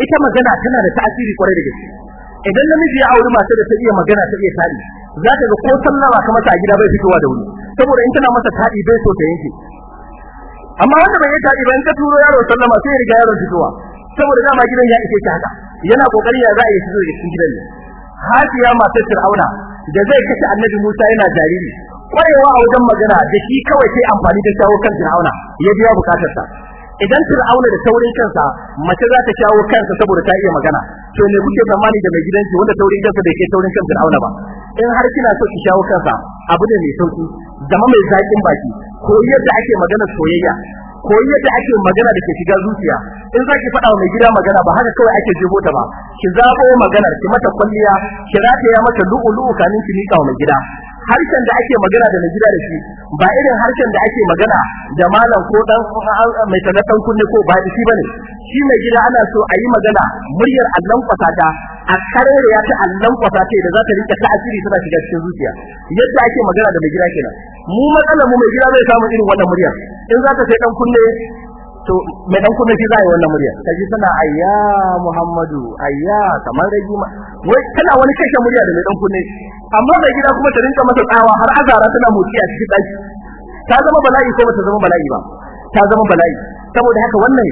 ita magana tana da ta'asiri kwarai da gaske idan namiji ya auri mata da ta iya magana ta iya tari za ta ga ko sallama ka mata a gida bai fitowa da wuri saboda in tana masa tari bai so ta yanke amma wanda bai yi tari ba in ta turo yaro sallama sai ya riga yaron fitowa saboda dama gidan ya ishe ta haka yana kokari ya za a yi fito da cikin gidan ne hafiya matar fir'auna da zai kace annabi Musa yana jariri kwarewa a wajen magana da shi kawai sai amfani da shawo kan fir'auna ya biya bukatarsa idan fir'auna da taurin kansa mace za ta shawo kansa saboda ta iya magana to me kuke zamani da mai gidanki wanda taurin kansa bai kai taurin kan fir'auna ba in har kina so ki shawo kansa abu ne mai sauki zama mai zaƙin baki ko yadda ake magana soyayya ko yadda ake magana da ke shiga zuciya in zaki faɗa wa mai gida magana ba haka kawai ake jibo ta ba ki zaɓo maganar, ki mata kwalliya ki rataya mata lu'u luu kanin ki nika wa mai gida harshen da ake magana da najira da shi ba irin harshen da ake magana da malam ko dan mai tada kunne ko ba shi bane shi mai gida ana so a yi magana muryar Allah kwasata a karere ya ta Allah kwasata da za ta ta ta'asiri tana shiga cikin zuciya yadda ake magana da mai gida kenan mu matsalar mu mai gida zai samu irin wannan muryar in za ta sai dan kunne to mai dan kunne shi za yi wannan muryar kaji tana ayya Muhammadu ayya kamar rajima wai tana wani kashe murya da mai dan kunne amma mai gida kuma ta rinka masa tsawa har azara tana motsi a cikin daki ta zama bala'i ko bata zama bala'i ba ta zama bala'i saboda haka wannan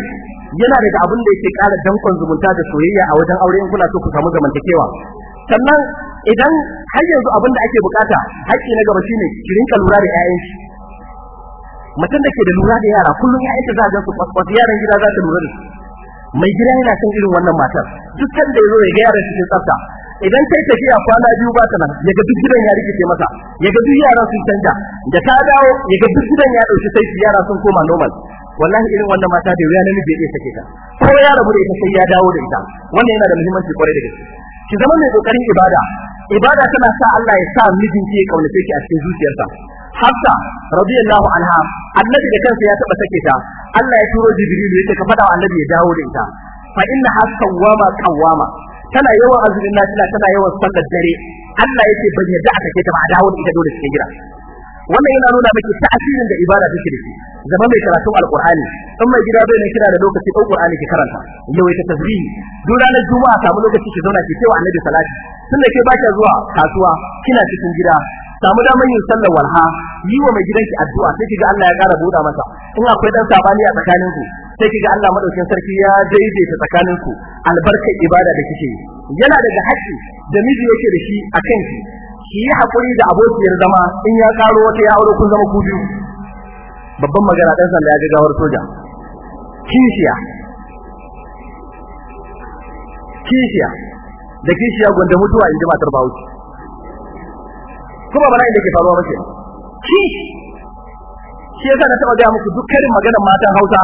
yana daga abin da yake ƙara dankon zumunta da soyayya a wajen aure in kuna so ku samu zamantakewa sannan idan har yanzu abin da ake bukata haƙƙi na gaba shine ki rinka lura da ƴaƴan shi mutum da ke da lura da yara kullum ya ta za ga su kwaskwas yaran gida za ta lura da su mai gida yana san irin wannan matar dukkan da yazo ya ga yaran cikin tsafta idan kai tafiya kwana biyu ba ta nan yaga duk gidan ya rikice masa yaga duk yaran sun canja da ta dawo yaga duk gidan ya dauki sai yara sun koma normal wallahi irin wannan mata da wuya namiji ya sake ta ko ya rabu da ita sai ya dawo da ita wannan yana da muhimmanci kwarai da gaske ki zama mai kokarin ibada ibada tana sa Allah ya sa mijinki ya kaunace ki a cikin zuciyarsa hafsa radiyallahu anha annabi da kansa ya taba sake ta Allah ya turo jibril yake ka fada wa annabi ya dawo da ita fa inna hasawama qawama tana yawan azumin nafila tana yawan sallar dare Allah yake ban yadda aka ke ta ba dawo da ita dole cikin gida wannan yana nuna miki ta'asirin da ibada take da shi zama mai karatun alqur'ani in mai gida bai nan kira da lokaci ɗan qur'ani ki karanta yawai ta tasbihi duk ranar juma'a samu lokaci ki zauna ki cewa annabi salati tunda ke baki zuwa kasuwa kina cikin gida samu damar yin sallar walha yi wa mai gidanki addu'a sai kiga Allah ya ƙara buɗa masa in akwai dan sabani a tsakanin ku sai kiga Allah madaukin sarki ya daidaita tsakanin ku albarkar ibada da kike yana daga haƙƙi da miji yake da shi a kanki ki yi hakuri da abokiyar zama in ya karo wata ya aure kun zama ku biyu babban magana dan sanda ya ga gawar soja kishiya kishiya da kishiya gwanda mutuwa inji matar bawuci kuma bala'in da ke faruwa ba ke shi shi yasa na taba gaya muku dukkanin maganar matan Hausa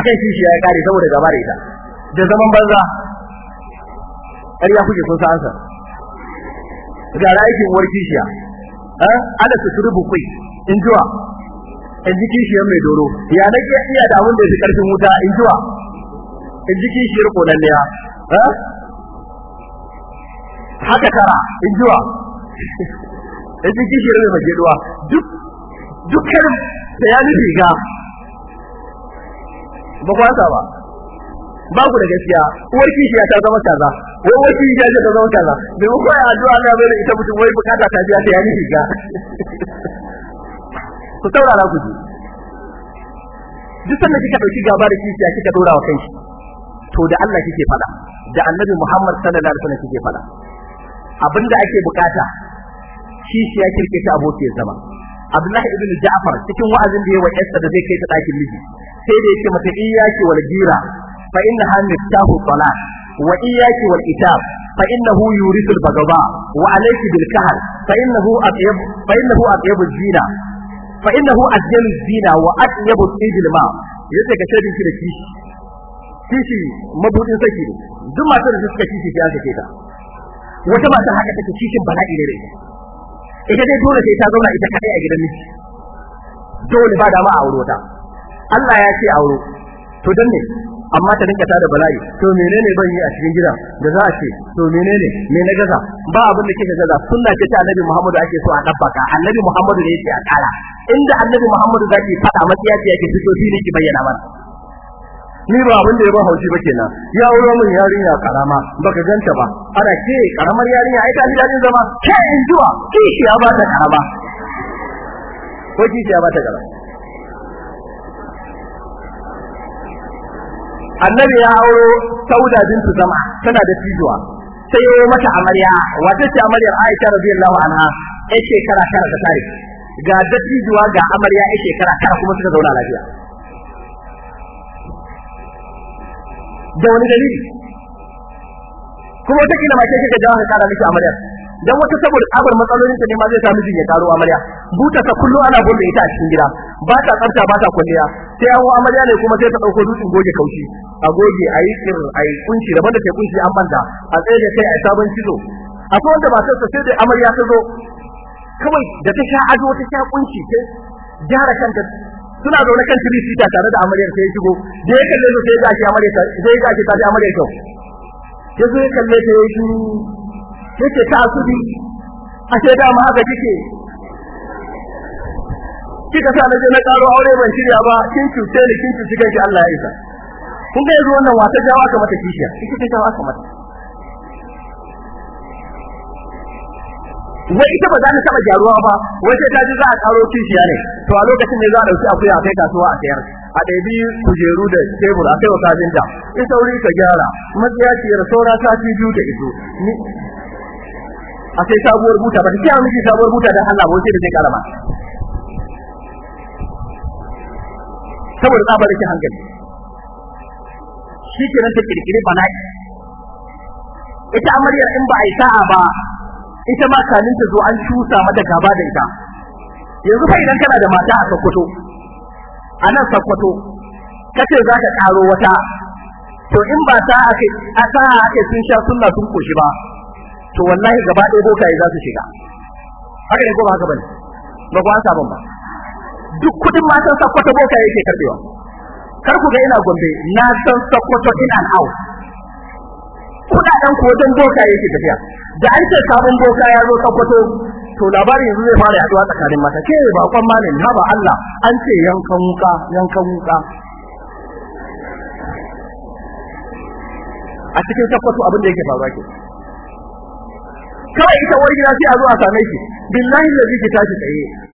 akan kishi ya kare saboda gaba da ita da zaman banza ƙarya kuke sun san sa ga ra'ayin uwar kishiya eh ada su turu bukui in jiwa in ji kishiyar mai doro ya nake iya da abin da yake karfin wuta in jiwa in ji kishiyar konanniya eh haka tara in jiwa da kishi kishiyar mai fageduwa duk dukkan da ya nufi ga ba kwasa ba ba ku da gaskiya uwar kishiya ta zama kaza wai uwar kishiya ta zama kaza da mu koyi addu'a Allah bai da ita mutum wai bukata ta biya ta ya nufi ga [LAUGHS] ku saurara ku ji duk sanda kika dauki gaba da kishiya kika dora wa kanki to da Allah kike fada da Annabi Muhammad sallallahu alaihi wasallam kike fada abinda ake bukata kishiya kirke ta abokiyar sa ba Abdullahi ibn Ja'far cikin wa'azin da yayi wa Esther da zai kai ta dakin miji sai da yake mata iyyaki wal gira fa innaha miftahu salat wa iyyaki wal itab fa innahu yurisul bagaba wa alayki bil kahl fa innahu atyab fa innahu atyab zina fa innahu atyab zina wa atyab tibil ma yace ka shedin ki da kishi kishi mabudin saki ne duk matar da suka kishi ya sake ta wata mata haka take kishin bala'i ne da ita ita dai dole sai ta zauna ita kai a gidan miji dole ba dama a auro ta Allah ya ce auro to dan ne amma ta ta tada bala'i to menene ban yi a cikin gida da za a ce to menene me na gaza ba abin da kika gaza sunna ce ta Annabi Muhammadu ake so a dabbaka Annabi Muhammadu ne yake a kara inda Annabi Muhammadu zaki fada matsiya ce yake fito ne ki bayyana mana ni ba abin da ya ba haushi ba kenan ya wuro min yarinya karama baka ganta ba ana ke karamar yarinya ai ta dadin zama ke in zuwa kishi ya ba ta karama ko kishi ya ba ta karama annabi ya auro sauda bintu zama tana da tijuwa sai ya mata amarya wata ce amaryar Aisha radiyallahu anha ai shekara tara ta tare ga dattijuwa ga amarya ai shekara tara kuma suka zauna lafiya da wani dalili kuma wata kila mace kika jawo ka kada miki amarya dan wata saboda abar matsalolin ta ne ma zai sami mijin ya taro amarya buta ta kullu ana gobe ita a cikin gida ba ta tsafta ba ta kulliya sai an amarya ne kuma sai ta dauko dutsen goge kaushi a goge ayi kir ayi kunci da da kai kunci an banda a tsaye da kai a sabon cizo ko wanda ba sai sai da amarya ta zo kawai da ta sha ado ta sha kunci ta gyara kanta suna zaune kan tiri sita tare da amaryar sai shigo da ya kalle su sai ga shi amaryar sai ga shi ta ji amaryar kyau ya zo ya kalle ta ya shi yake ta bi a ce da ma haka kike kika sa na je na karo aure ban shirya ba kin cuce ni kin cuci kanki Allah ya isa kun ga yanzu wannan wata jawa mata kishiya kike ta jawa mata. wai ita ba za ta taba gyaruwa ba wai sai ta ji za a karo kishiya ne to a lokacin ne za a dauki akuya kai kasuwa a sayar a ɗabi kujeru da tebur a kai wa kafinta in sauri ka gyara matsiyaciyar saura sati biyu da iso a kai sabuwar buta ba ta miki sabuwar buta don Allah ba sai da zai karama saboda tsabar ki hankali shi kenan ta kirkiri bala'i ita amaryar in ba a yi sa'a ba ita ma kalin ta zo an shusa mata gaba da ita yanzu fa idan kana da mata a Sokoto a nan Sokoto kace za ka karo wata to in ba ta ake a ta ake sun sha sunna sun koshi ba to wallahi gaba ɗaya bokaye za su shiga haka ne ko ba haka bane ba ku an sabon ba duk kudin matan Sokoto bokaye yake karbewa kar ku ga ina gombe na san Sokoto in and out kudaden ko don bokaye yake tafiya da ake sabon boka ya zo tabbato to labarin yanzu zai fara yaduwa tsakanin mata ke ba kwan malami na ba Allah an ce yankan wuka yankan wuka a cikin tabbato abin da yake faruwa ke kawai ita wuri gida sai a zo a same shi billahi da zai tashi tsaye